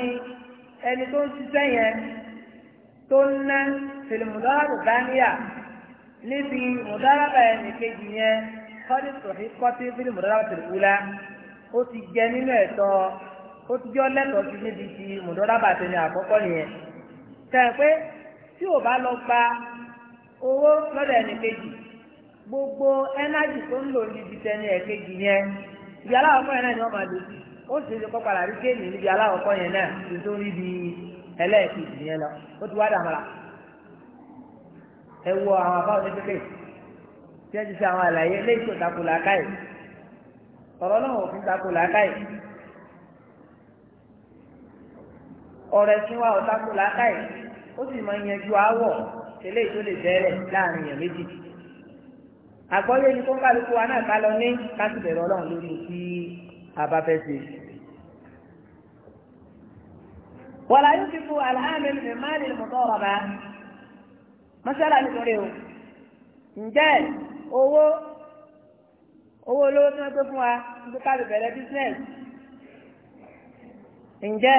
ẹni tó ń ṣiṣẹ́ yẹn tó ń ná fìlìmùdọ́rọ̀ bá níbi mùdáraba ẹni kejì yẹn sọ̀rí kọ́tí ó ti jẹ nínú ẹ̀tọ́ ó ti jọ lẹ́tọ̀ọ́ sí níbi ti lọ gba owó lọ́dọ̀ ẹnì kejì gbogbo ẹnájì tó ń lò níbi tẹni ẹ̀kejì yẹn ibi aláwọ̀kọ́ yẹn náà ni wọ́n máa lò sí ó sì ṣe kọ́kọ́ àrí kéènì níbi yẹn náà tó tó rí bi ẹlẹ́ẹ̀kejì yẹn lọ ó ti wá dàmọ́ra ẹ àwọn àbá òní pépè tí wọ́n ti ṣe àwọn àlàyé làákàyè ọ̀rọ̀ náà eléyìí tó lè bẹ̀rẹ̀ láàrin èèyàn méjì àgbọ́lé ni tó ń kálukú wa náà ká lọ ní káṣí bẹ̀rẹ̀ ọlọ́run lórí tí a bá fẹ́ ṣe. wàlá yóò fi fún aláàmì ní máàlì mọ̀tọ́ ọ̀rọ̀ bá mọ́ṣálà nítorí o ǹjẹ́ owó owó olówó tí wọ́n gbé fún wa ń gbé káṣí bẹ̀rẹ̀ bísíǹnẹ̀sì ǹjẹ́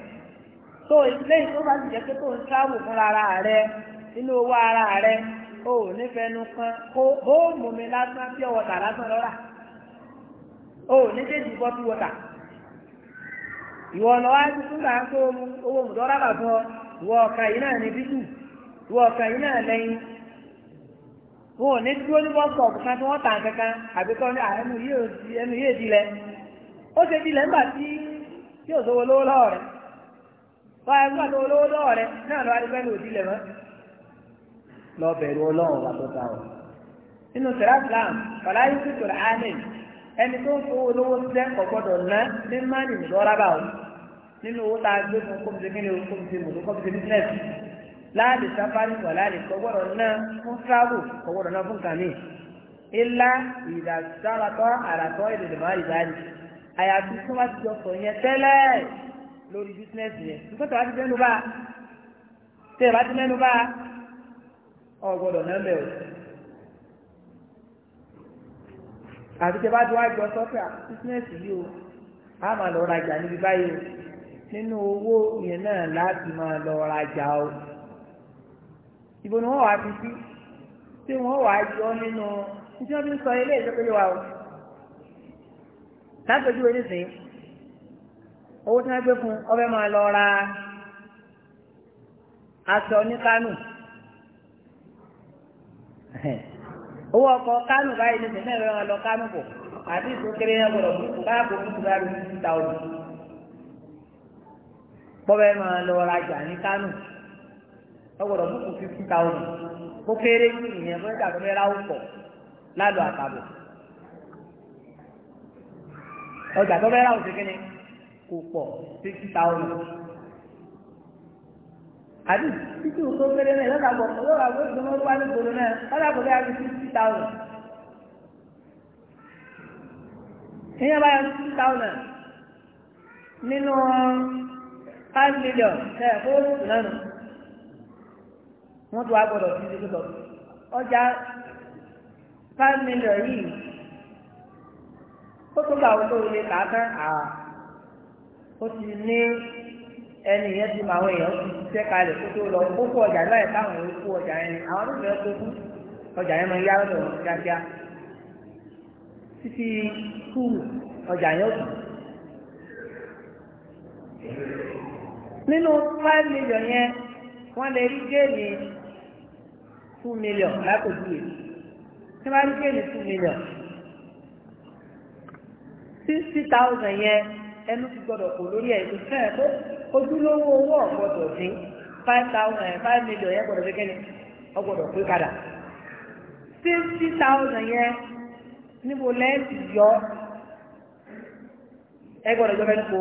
tó lẹ́yìn tó bá sì jẹ́ pé tó ń travel fúnra ara rẹ nínú owó ara rẹ o ò nífẹ̀ẹ́ kan kó bó mú mi lásán bí ọwọ́ tà lásán o ò ní kéjì bọ́ bí wọ́tà ìwọ ọ̀nà wa ti túnbà ń owó mùtọ́ra bà fún ọ ìwọ ọ̀kan yìí náà ní bísù ìwọ ọ̀kan yìí náà lẹ́yìn ò ní dúró ní tí wọ́n tà kankan ẹnu yìí ò di ẹnu yìí ò wọ́n á gbọ́dọ̀ olówó lọ́wọ́ rẹ náà lọ́wọ́ adigun ẹni òdìlẹ̀ mọ́. lọ bẹ̀rù ọlọ́run wà tó ta ọ. nínú sẹ́ráfìlám fàlàyé títù àánì ẹni tó ń fowó olówó sílẹ̀ kò gbọ́dọ̀ ná ní mánì ìdọ́rábà o nínú owó tá a gbé fún kóbi kíni o kóbi ti mùtò bísínẹ́sì láàdì sáfárì wà lórí bísínẹ́sì yẹn nígbà tó a ti mẹ́nu bá tẹ́ ẹ bá ti mẹ́nu bá ọ gbọ́dọ̀ náà bẹ̀ o àti tẹ́ bá ti wá jọ sọ́kà bísínẹ́sì yìí o a máa lọ rajà níbi báyìí o nínú owó yẹn náà láti máa lọ rajà o ìbò ni wọ́n wá fi sí tí wọ́n wá yọ nínú tí wọ́n fi ń sọ ilé ìjọba yìí wa o láti ojú wo nísìnyí. owó tí wọ́n gbé fún máa lọ ra aṣọ ní owó báyìí lọ àti fún fún ìta bọ́bẹ̀ máa lọ ní ọgbọ̀dọ̀ fún kéré ìyẹn fún ìgbà tó fẹ́ ra àtàbọ̀ ọjà tó fẹ́ ra kò pọ̀ sixty thousand. àbí títí òkú kéré náà lọ́dà bọ̀ lọ́dà bọ̀ tó lọ́dà bọ̀ nígboro náà lọ́dà bọ̀ lọ́dà bọ̀ sixty thousand. ìyẹn bá yọ sixty thousand nínú five million ẹ̀ fún oṣù náà nù wọ́n tún wá gbọ́dọ̀ sí ṣe lọ. ọjà five million yìí ó tún gbà wọ́n tó lè kà á tán àá ó ti ní ẹni yẹn ti mọ àwọn èèyàn ti tẹ́ kalẹ̀ kó tó lọ ó kó ọjà lọ́yẹ̀ táwọn èèyàn kó ọjà yẹn ni àwọn tó fẹ́ kó fún ọjà yẹn máa yá lọ́dọ̀ wọn kíákíá títí kú ọjà yẹn ó kù. nínú five million yẹn wọ́n lè rí géèmì two million lápòjúwe tí wọ́n rí géèmì two million sixty thousand yẹn. ẹnu ti gbọdọ̀ kò lórí ẹ̀ kò fẹ́ ẹ̀ pé ojúlówó owó ọ̀gbọ́dọ̀ dín five thousand eh, five million yẹn gbọdọ̀ kékeré ọgbọdọ̀ pé padà fifty thousand yẹn níbo lẹ́ẹ̀sì yọ ẹ gbọdọ̀ jọ fẹ́ẹ́ kó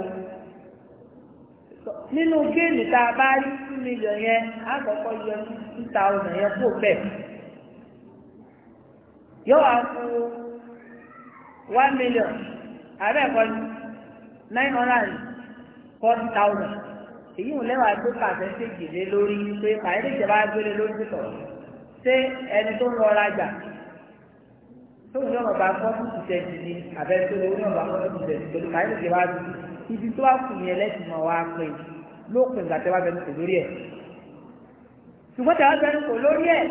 nínú géèmì tá a bá rí two million yẹn yọ two thousand yẹn kó bẹ́ẹ̀ yọ wá fún one million àbẹ́ẹ̀kọ́ ni. nine hundred and forty thousand èyí ò lẹ́wàá pé pàṣẹ́ntéèjì lé lórí pé pàṣẹ́ntéèjì bá gbélé lórí pípọ̀ ṣé ẹni tó ń lọ rajà tó ń lọ́nà bá fọ́tù tìṣẹ́ǹtì ni àbẹ́rẹ́ tó lọ́wọ́ náà bá fọ́tù tìṣẹ́ǹtì pẹ̀lú pàṣẹ́ntéèjì bá gbé ibi tó wà kù yẹn lẹ́sìn mọ́ wa pé lópin ìgbà tẹ́ wá bẹnu kò lórí ẹ̀ ṣùgbọ́n tẹ́ wá kò lórí ẹ̀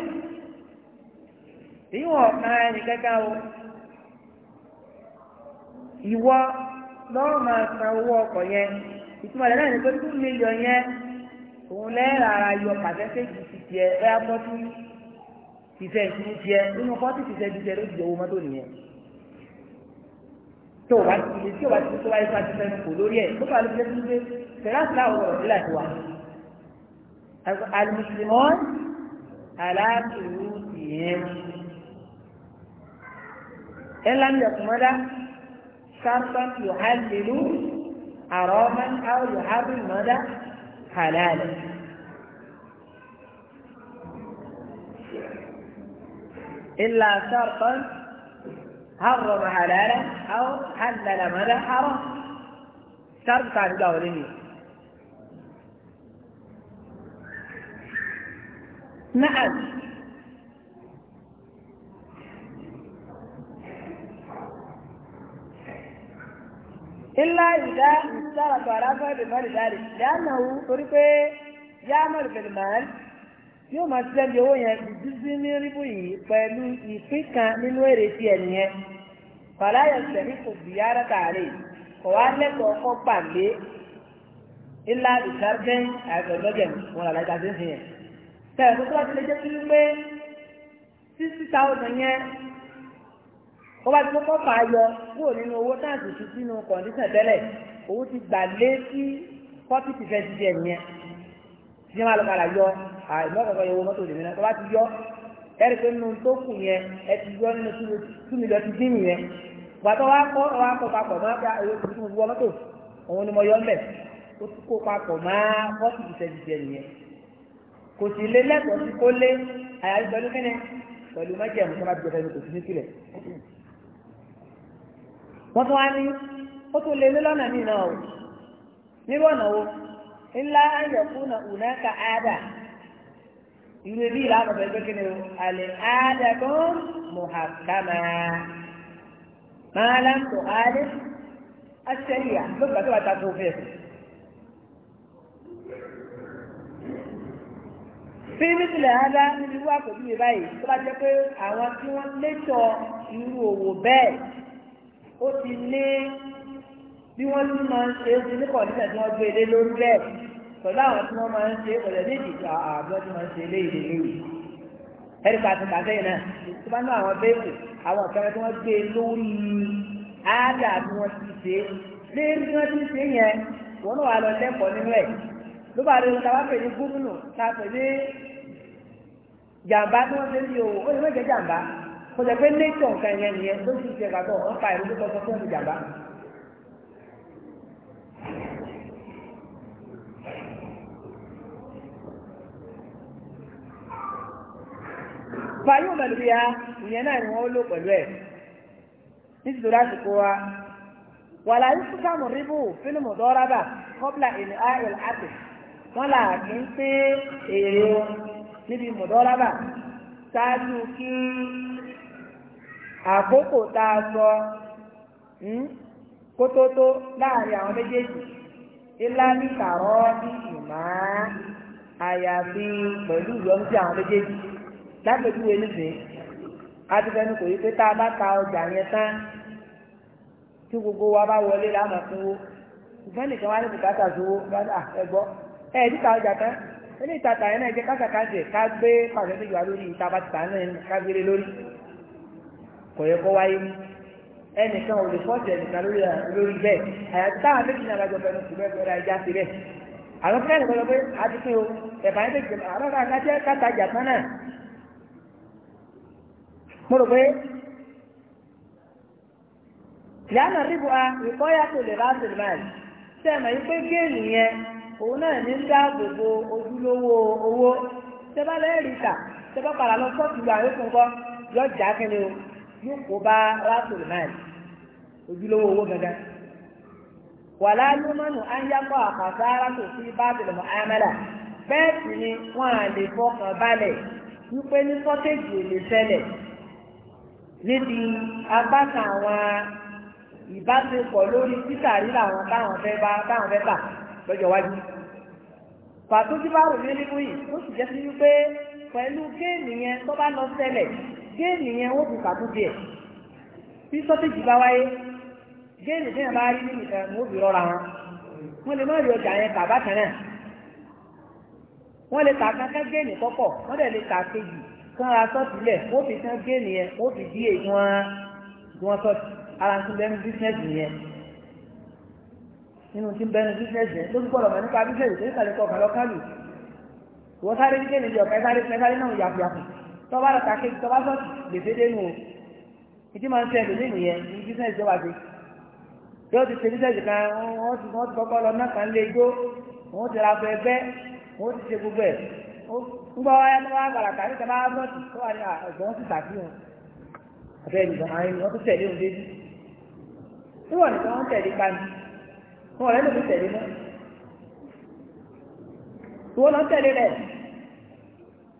èyí wọn lọ́wọ́ máa san owó ọkọ̀ yẹn ìtumọ̀ rẹ̀ náà ní pé two million yẹn òun lẹ́ẹ̀rọ ara yọ pàṣẹ́sẹ́jì ti tiẹ̀ ẹ̀ abọ́tú tìṣẹ́ ìṣinú tiẹ̀ nínú fọ́tì tìṣẹ́ tìṣẹ́ ló ti jẹ owó mọ́tò nìyẹn. tó o bá ti ilé tí o bá ti tó wáyé fún aṣọ kò lórí ẹ̀ tó bá ló fi ṣe fẹ́rẹ́sì láwùrọ̀ ọ̀rọ̀ nílà tiwa. alimusulmọ́n aláàkìrú tìyẹn. ẹ̀ ńlá ń yẹ kùmọ́dá. شرطا يحلل حراما أو يحرم مدى حلالا إلا شرطا حرم حلالا أو حلل مدى حرام شرط عن دولهم نعم ńlá ìdá ìsára bàrà fẹ́ bẹ̀rẹ̀ ìdáre ìdáná wù torí pé yámọ̀ bẹ̀rẹ̀ màálì yóò máa ti lẹ́bi owó yẹn dídí ní ríbù yìí pẹ̀lú ìpín kan nínú èrè tí ẹ̀ nìyẹn fàlàyé sẹ̀mí kò bí ara tààrí kò wá lẹ́kọ̀ọ́ kọ́ pàdé ńlá ìsáré àìsànlọ́gẹ̀ wọn làlá wọ́n bá ti kọ́kọ́ fà á yọ kúrò nínú owó táàsì sí sínú kọ̀ǹdíṣàn tẹ́lẹ̀ owó ti gbà lé sí forty percent ti ẹ̀ nìyẹn ní máa lọ padà yọ àìmọ́kọ̀kọ́ yọ owó mọ́tò lèmi náà tó bá ti yọ ẹ̀rí pé nínú tó kù yẹn ẹ ti yọ nínú two million ti dín nìyẹn gbàtọ́ wa kọ́ wa kọ́ papọ̀ máa bá owó tuntun fún wọn mọ́tò òun ni mo yọ ńbẹ̀ ó ti kó papọ̀ máa forty percent ti ẹ̀ nìyẹn kò sì lé lẹ́kọ̀ọ́ sí kó lé àyàlú pẹ̀lú kẹ́nẹ́ pẹ̀lú mẹ́jẹ̀mú tó bá ti jọ fẹ́ wọ́n tún wá ní ó tún lè lé lọ́nà míì náà o nírú ọ̀nà wo ńlá ayọ̀kúnà ùnáka áádà ìwé bíi làwọn ọ̀bẹ gbé kíni o àlè áádà tó mùhàkámà máa láǹtò áádé aṣẹ́yà ló gbà tó wà ta kó fẹ́. bí mísìlẹ̀ níbi wà pẹ̀lú mi tó bá jẹ́ pé àwọn tí wọ́n létọ̀ irú òwò bẹ́ẹ̀ ó ti lé bí wọ́n ti máa ń ṣe é ti nípa nígbà tí wọ́n gbé ilé lórí rẹ̀ pẹ̀lú àwọn tí wọ́n máa ń ṣe ọ̀rẹ́ méjì àbọ̀ tí wọ́n ṣe ilé ìlú lórí. ẹ̀ríkà àti kàkẹ́yìn náà tí wọ́n ná àwọn bẹ́ẹ̀kì àwọn ọ̀kẹ́rẹ́ tí wọ́n gbé lórí áádà tí wọ́n ti ṣe lérí tí wọ́n ti ṣe yẹn wọ́n náà wà lọ lẹ́kọ̀ọ́ nínú ẹ̀ ló bá rí ohun bá pè ní gómìnà tá pè ní jàǹbá tí wọ́n ṣe ń mo jẹ pé nẹ́tọ̀ nǹkan yẹn nìyẹn ló sì ṣe ìgbàgbọ́ wọn pa ìlú tó sọ fún ìjàmbá. fàyọ̀ mẹ́lúbíà ìyẹn náà ni wọ́n lò pẹ̀lú ẹ̀ nítorí àsìkò wa wàlá yìí sàmù ríbù fílìmù dọ́rábà kọ́bla ìlú ayọ̀lá àti wọ́n là kí ń pé èrè níbi mùdọ́rábà ṣáájú kí àkókò tá a sọ hmm, kótótó láàrin àwọn méjèèjì ilá ní kàrọ́ ní ìmọ̀ àyàfi pẹ̀lú ìyọnu sí àwọn méjèèjì lápẹ̀jú wo nísìnyí adúgbẹ́nu kò yí pé tá a bá ta ọjà yẹn tán tí gbogbo wa bá wọlé láàmú fúnwó ìfẹ́ nìkan wá ní bùkátà sówó ẹgbọ́ ẹ ẹ̀dí ta ọjà tán ẹni ìtàtà yẹn náà jẹ́ kásàkásẹ̀ ká gbé pàṣẹ méjì lórí ìta bá ti tà náà ká gbére lórí. kò yẹ kó wáyé mú ẹnìkan ò lè fọ́ọ̀tì ẹnìkan lórí lórí bẹ́ẹ̀ àyàtí méjì náà bẹ́ẹ̀ bẹ́ẹ̀ ajá sí àwọn pé ti o ẹ̀bà yẹn tètè àwọn ọ̀rọ̀ àkájẹ́ kàtàjà kan náà mo rò pé lẹ́yìn a ìkọ́yà tó lè láti máa pé géèmù yẹn òun náà ní ń ojúlówó owó ta padà lọ yóò kó bá rásùlù náà ojúlówó owó gangan wàlá yúmọ́nù ányákọ́ àkàtà rásùlù sí bábìlì muhammadu bẹ́ẹ̀ sì ni wọ́n à lè fọkàn balẹ̀ wípé ní fọ́tẹ́jì lè ṣẹlẹ̀ níbi abákan àwọn ìbáṣepọ̀ lórí títà rírà àwọn táwọn fẹ́ bá táwọn fẹ́ tà lọ́jọ́ iwájú pàtó tí bá wù mí nínú yìí ó sì jẹ́ sí wípé pẹ̀lú géèmì yẹn tó bá lọ ṣẹlẹ̀ géènì yẹn wọ́n fi ṣàtúnṣe ẹ̀ tí sọ́tẹ́jì bá wáyé géènì tí bá rí nínú ìfẹ́ wọn rọra wọn wọ́n lè má rí ọjà yẹn tà bákan náà wọ́n lè tà kankan géènì kọ́kọ̀ wọ́n dẹ̀ lè tà kejì kí wọ́n sọ́ọ̀tì lẹ̀ wọ́n fi tán géènì yẹn wọ́n fi dí èyí sọ́ọ̀tì ara ń tún bẹ́ẹ̀ ní bísíǹnẹ̀sì yẹn nínú tí ń bẹ́ẹ̀ ní bísíǹnẹ̀sì yẹn lójú gbọ́dọ̀ mọ̀ nípa tó ń sàlẹ̀ kọ̀ọ̀kan lọ́kàlù wọ́n sáré géènì yọ̀ kẹ́ sáré náà yàfùyàfù tọ́ba rẹ̀ kàkéjì tọ́ba sọ́ọ̀tì gbèsè dé nù ìdí máa ń ṣe ẹ̀dùn nínú yẹn ní bísíǹsì tó wà sí yóò ti ṣe bísíǹsì kan wọ́n ti wọ́n ti kọ́kọ́ lọ náà kan lé igbó wọ́n ti ra fẹ́ bẹ́ wọ́n ti ṣe gbogbo ẹ̀ ńgbọ́ wáyé ní wọ́n àgbàlá kàrí tọ́ba sọ́ọ̀tì tó wà ní àgbọ̀n ti ṣàfihàn àbẹ́ ìgbọ̀n àwọn ènìyàn tó tẹ̀lé òun débi níwọ̀n wọ́n tẹ̀lé tẹ̀lé náà ìwọ́n lọ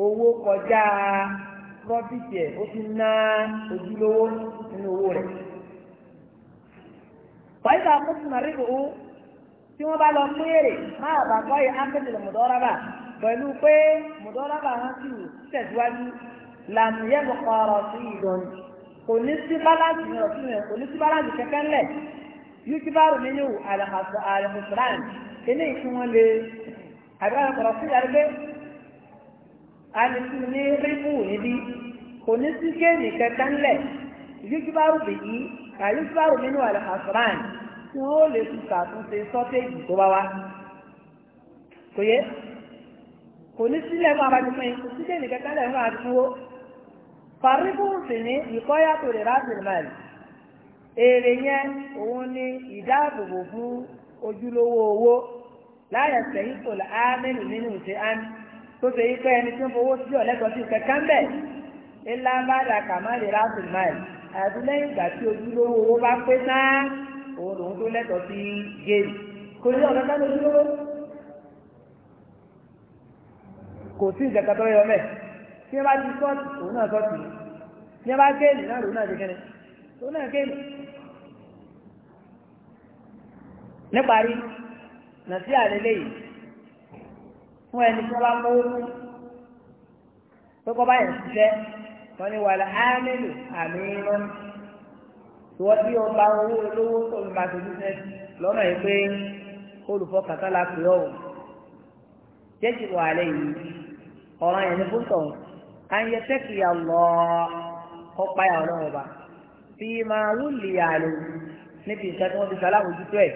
owó kọjá prọfìtì ẹ̀ ó tún ná ojúlówó nínú owó rẹ̀. pàṣípà kùtùmọ̀ rí òun tí wọ́n bá lọ péré máa bá kọ́ yìí ákẹ́tẹ̀lẹ̀ mọ̀dọ́rábà pẹ̀lú pé mọ̀dọ́rábà wọn sì tẹ̀síwájú làmúyẹ́ kọ̀ọ̀rọ̀ sí ìdọ̀nù kò ní sí báláàsì yẹn ọ̀tún yẹn kò ní sí báláàsì kẹ́kẹ́ ńlẹ̀ yúkíbárò nínú àlẹ́kùsùrán eléyìí tí wọ́n lè àbíkàlẹ̀ kọ̀ọ̀rọ̀ sí ìyàrá alùpùpù ní rímù níbí kò ní sí géèmì kankan lẹ̀ yújúbárù bìyí àyújúbárù nínú àlùfàfúrán tí wọ́n ó lè fi ṣàtúnṣe sọ́tẹ́jì tó bá wá kò yẹ kò ní sílẹ̀ fún abájúmọ́ yìí kò sí géèmì kankan lẹ̀ fún àdúgbò fàríkù sì ní ìkọ́yàtò rẹ̀ rásìlmáàlì èrè yẹn òun ni ìdáàbòbò fún ojúlówó owó láyà sẹ́yìn tó lè ámẹ́lì nínú ìṣe ámì tó ṣe yí pé ẹni tí ń fowó sí ọ̀lẹ́kọ̀ọ́ sí kẹ̀kẹ́ ń bẹ̀ ńlá bá dà kàmáàlì ráàtì máì àti lẹ́yìn ìgbà tí ojúlówó owó bá pé náà òun lòun tó lẹ́tọ̀ọ́ sí géèlì kò ní ọ̀dọ́ ká lójúlówó kò sí ìjẹ̀ka yọ mẹ́ tí wọ́n bá ti sọ́ọ̀tì òun náà sọ́ọ̀tì ní wọ́n bá géèlì náà lòun náà ṣe kẹ́ni òun náà géèlì níparí nàìjíríà lélẹ́yìí fún ẹni tó bá mówó fún pé kọ́ báyìí ṣiṣẹ́ wọ́n ní wàhálà ámìlù àmì irun ìwọ́n tí o bá owó olówó tó ń bá tòjú sẹ́ lọ́nà yìí pé olùfọ́ kàtà la pè ọ́ jẹ́jì wà lẹ́ yìí ọ̀ràn yẹn ní fúntọ̀ àyẹ tẹ́kì yà lọ ọ̀pá yà ọlọ́wọ́ bá fi máa wúlì yà níbi ìṣẹ́ tí wọ́n ti sọ aláwòjútó ẹ̀.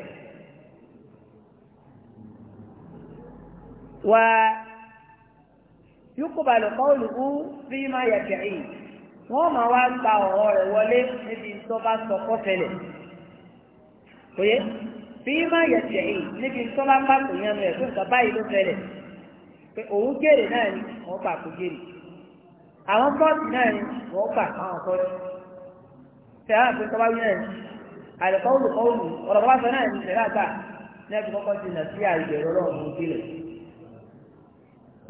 ويقبل قوله فيما يدعيه wọ́n máa wá gba ọ̀rọ̀ rẹ̀ wọlé níbi tó bá sọ kọ́fẹ́lẹ̀ òye bí má yẹ̀tẹ̀ yìí níbi tó bá pàtó yẹn rẹ̀ tó nǹkan báyìí ló fẹ́lẹ̀ pé òun kéré náà ni wọ́n pa kó kéré àwọn pọ́ọ̀tì náà ni wọ́n pa àwọn wí náà ni àlùkò ọ̀rọ̀ bá náà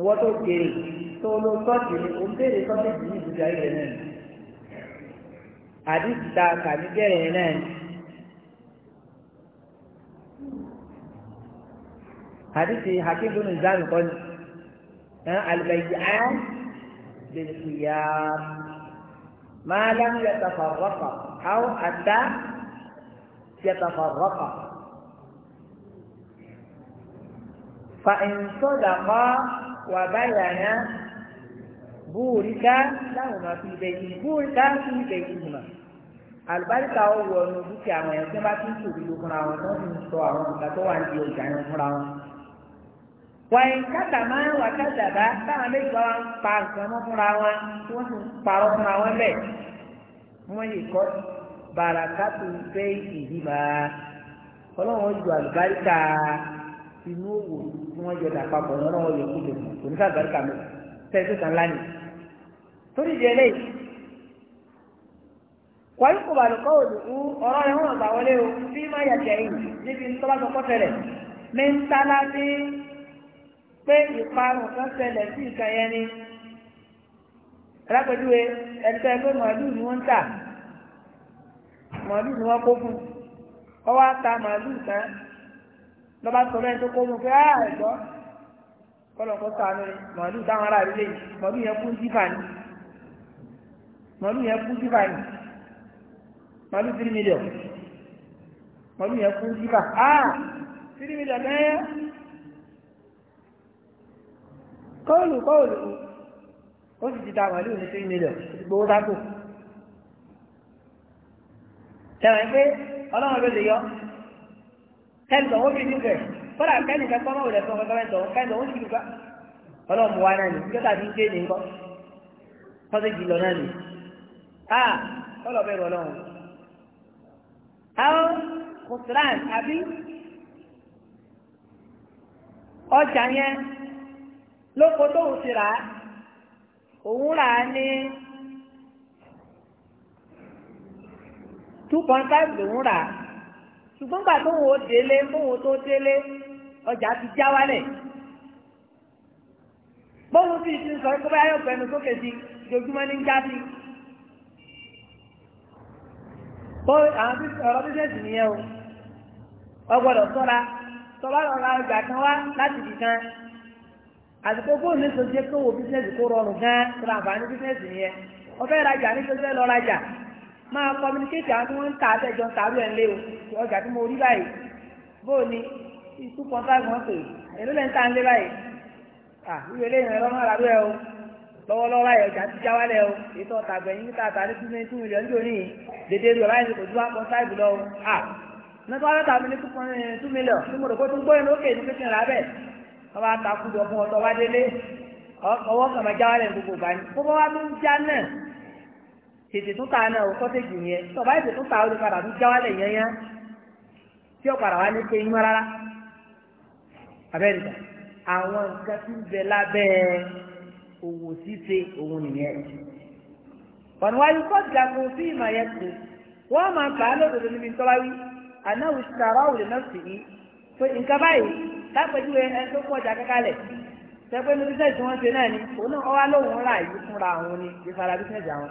wọ́n tó kéré tó ló sọ́ọ̀tì ni ó ń béèrè sọ́ọ̀tì ní ìbùdó ayé náà ni àdìsí ta kàní bẹ̀rẹ̀ náà ni àdìsí hakíndùnú ìzánu kọ́ ni àlùbẹ̀yì á lè fi yá máa lámú yàtọ̀ fàrọ́fà áwọ̀ àdá yàtọ̀ fàrọ́fà. فإن صدقا وبيان بورك لهما في بينهما بورك في بينهما àlùbáríkà ó wọ ọnu dúkìá àwọn èèyàn tí wọn bá ti ń tòbi ló fúnra wọn tó ń sọ àwọn nǹkan tó wà ń di ọjà yẹn fúnra wọn. wàyí kàtà máa ń wà kàtàbá táwọn méjì bá wọn pa nǹkan mọ́ fúnra wọn tí wọ́n sì parọ́ fúnra wọn bẹ́ẹ̀. wọ́n yìí kọ́ bàràkàtù fẹ́ ìdí máa ọlọ́run ó ju àlùbáríkà inú òwò tí wọ́n yọ̀dà papọ̀ lọ́rọ̀ ọ̀yọ̀ kúndé kò ní sàgbàrí kàmú tẹ̀sí kan lánìí. torí ìdí ẹlẹ́yìí wàyí kò bàlù kọ́ òdùkú ọ̀rọ̀ rẹ̀ wọ́n gbà wọlé o bí má yàtẹ̀ yìí níbi tó bá sọ kọ́ tẹ̀lẹ̀ mẹ́ńtálá dé pé ìparun kan ṣẹlẹ̀ sí ìkan yẹn ni alápẹ̀júwe ẹ̀ńtọ́ ẹgbẹ́ màálù ni wọ́n ń màálù ni wọ́n kó fún ọwọ́ ata màálù tán lọ́ba sọ mẹ́rin tó kó mu pé áà ah, ẹ̀gbọ́ kọ́lọ̀ kó sànú ni màálù táwọn ará ilé yìí màálù yẹn kú jífà ni màálù yẹn kú jífà ni màálù tírí mílíọ̀n màálù yẹn kú jífà áà ah, tírí mílíọ̀n mẹ́rin kọ́ọ̀lù kọ́ọ̀lù ó sì ti ta màálù ní tírí mílíọ̀n gbowó dákò tẹ̀wọ̀n pé ọlọ́run ló lè yọ kẹ́ni tọ̀hún bí nígbẹ̀ kọ́lá kẹ́ni kẹ́kọ́ máa wùlẹ̀ fún ọkọ̀ tọ̀hún kẹ́ni sì nípa ọlọ́mù wa náà ni kí fi ń jẹ́ ní nǹkan kọ́sẹ̀ jì náà ni a kọ́lọ̀ bẹ̀rù ọlọ́run. àwọn kùsùlán àbí ọjà yẹn lóko tóun ti rà á òun rà á ní two point five lòun rà á. ṣùgbọ́n gbà tó wò ó délé tó délé ọjà ti já wálẹ̀ bóun sì ti sọ pẹ̀lú sókè sí ní ọ̀rọ̀ nìyẹn o ọgbọ́dọ̀ sọ́ra sọ́ra ọ̀la ọjà kan wá láti kan àsìkò ní kó rọrùn gan-an nìyẹn máa communicate àwọn tí wọ́n ń ta àtẹ̀jọ́ tààrú ẹ̀ lé o ọjà tí mo rí báyìí bóò ni two point five wọ́n pè èló lẹ́ ń ta ń lé báyìí à wíwé eléyìí rẹ̀ lọ́mọ́ àràrú ẹ o lọ́wọ́lọ́wọ́ báyìí ọjà ti já wálẹ̀ o ètò ọ̀tàgbẹ̀ yín níta àtàrí two million two million níjó níyì dédé rẹ̀ báyìí kò ju one point lọ o à nípa ọ̀rọ̀ tàbí ní two eh, million tí mo rò pé tó ń gbóyìn lókè ní pékin rà bẹ́ẹ̀ wọ́n bá takú jọ fún ọtọ́ wá délé ọwọ́ kàn já wálẹ̀ gbogbo báyìí gbogbo wa tó ń já náà tètè tún ta náà kọ́tẹ́jì yẹn tó bá tètè tún ta ó padà tún já wálẹ̀ yẹn yẹn tí ó wá ní pé yín rárá abẹ́rẹ́ àwọn nǹkan tí ń bẹ lábẹ́ òwò ṣíṣe òun nìyẹn ọ̀nà wáyé kọ́ọ̀tù dàgbò sí ìmọ̀ yẹn tó wọ́n máa bàá lọ́dọ̀dọ̀ níbi tọ́lá wí anáwó ṣàrọ̀ òwò náà sì yí pé nǹkan báyìí lápẹjúwe ẹni tó pọ̀ kákálẹ̀ tẹ́gbẹ́ ní bísẹ̀sì wọn ṣe náà ni òun náà wá lóhùn rà yìí fúnra òun ni ìfara bísẹ̀sì àwọn.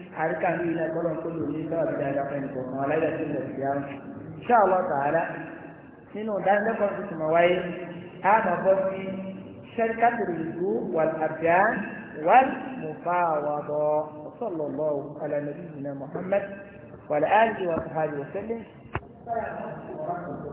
àríkà ní ilẹ̀ kọ́lọ̀ tó lò ní sọ́ọ̀bì dáadáa fẹ́ nìkan kan aláìlá sí ilẹ̀ sí àwọn ṣáàlọ́ tààrà nínú ìdánilẹ́kọ̀ọ́ tó ti mọ̀ wáyé a máa bọ́ sí ṣẹ́ríkàtìrì ìlú wàlàbíà wàlmùfáwàdọ̀ sallallahu ala nabiyyina Muhammad wa ala alihi wa sahbihi wa sallam.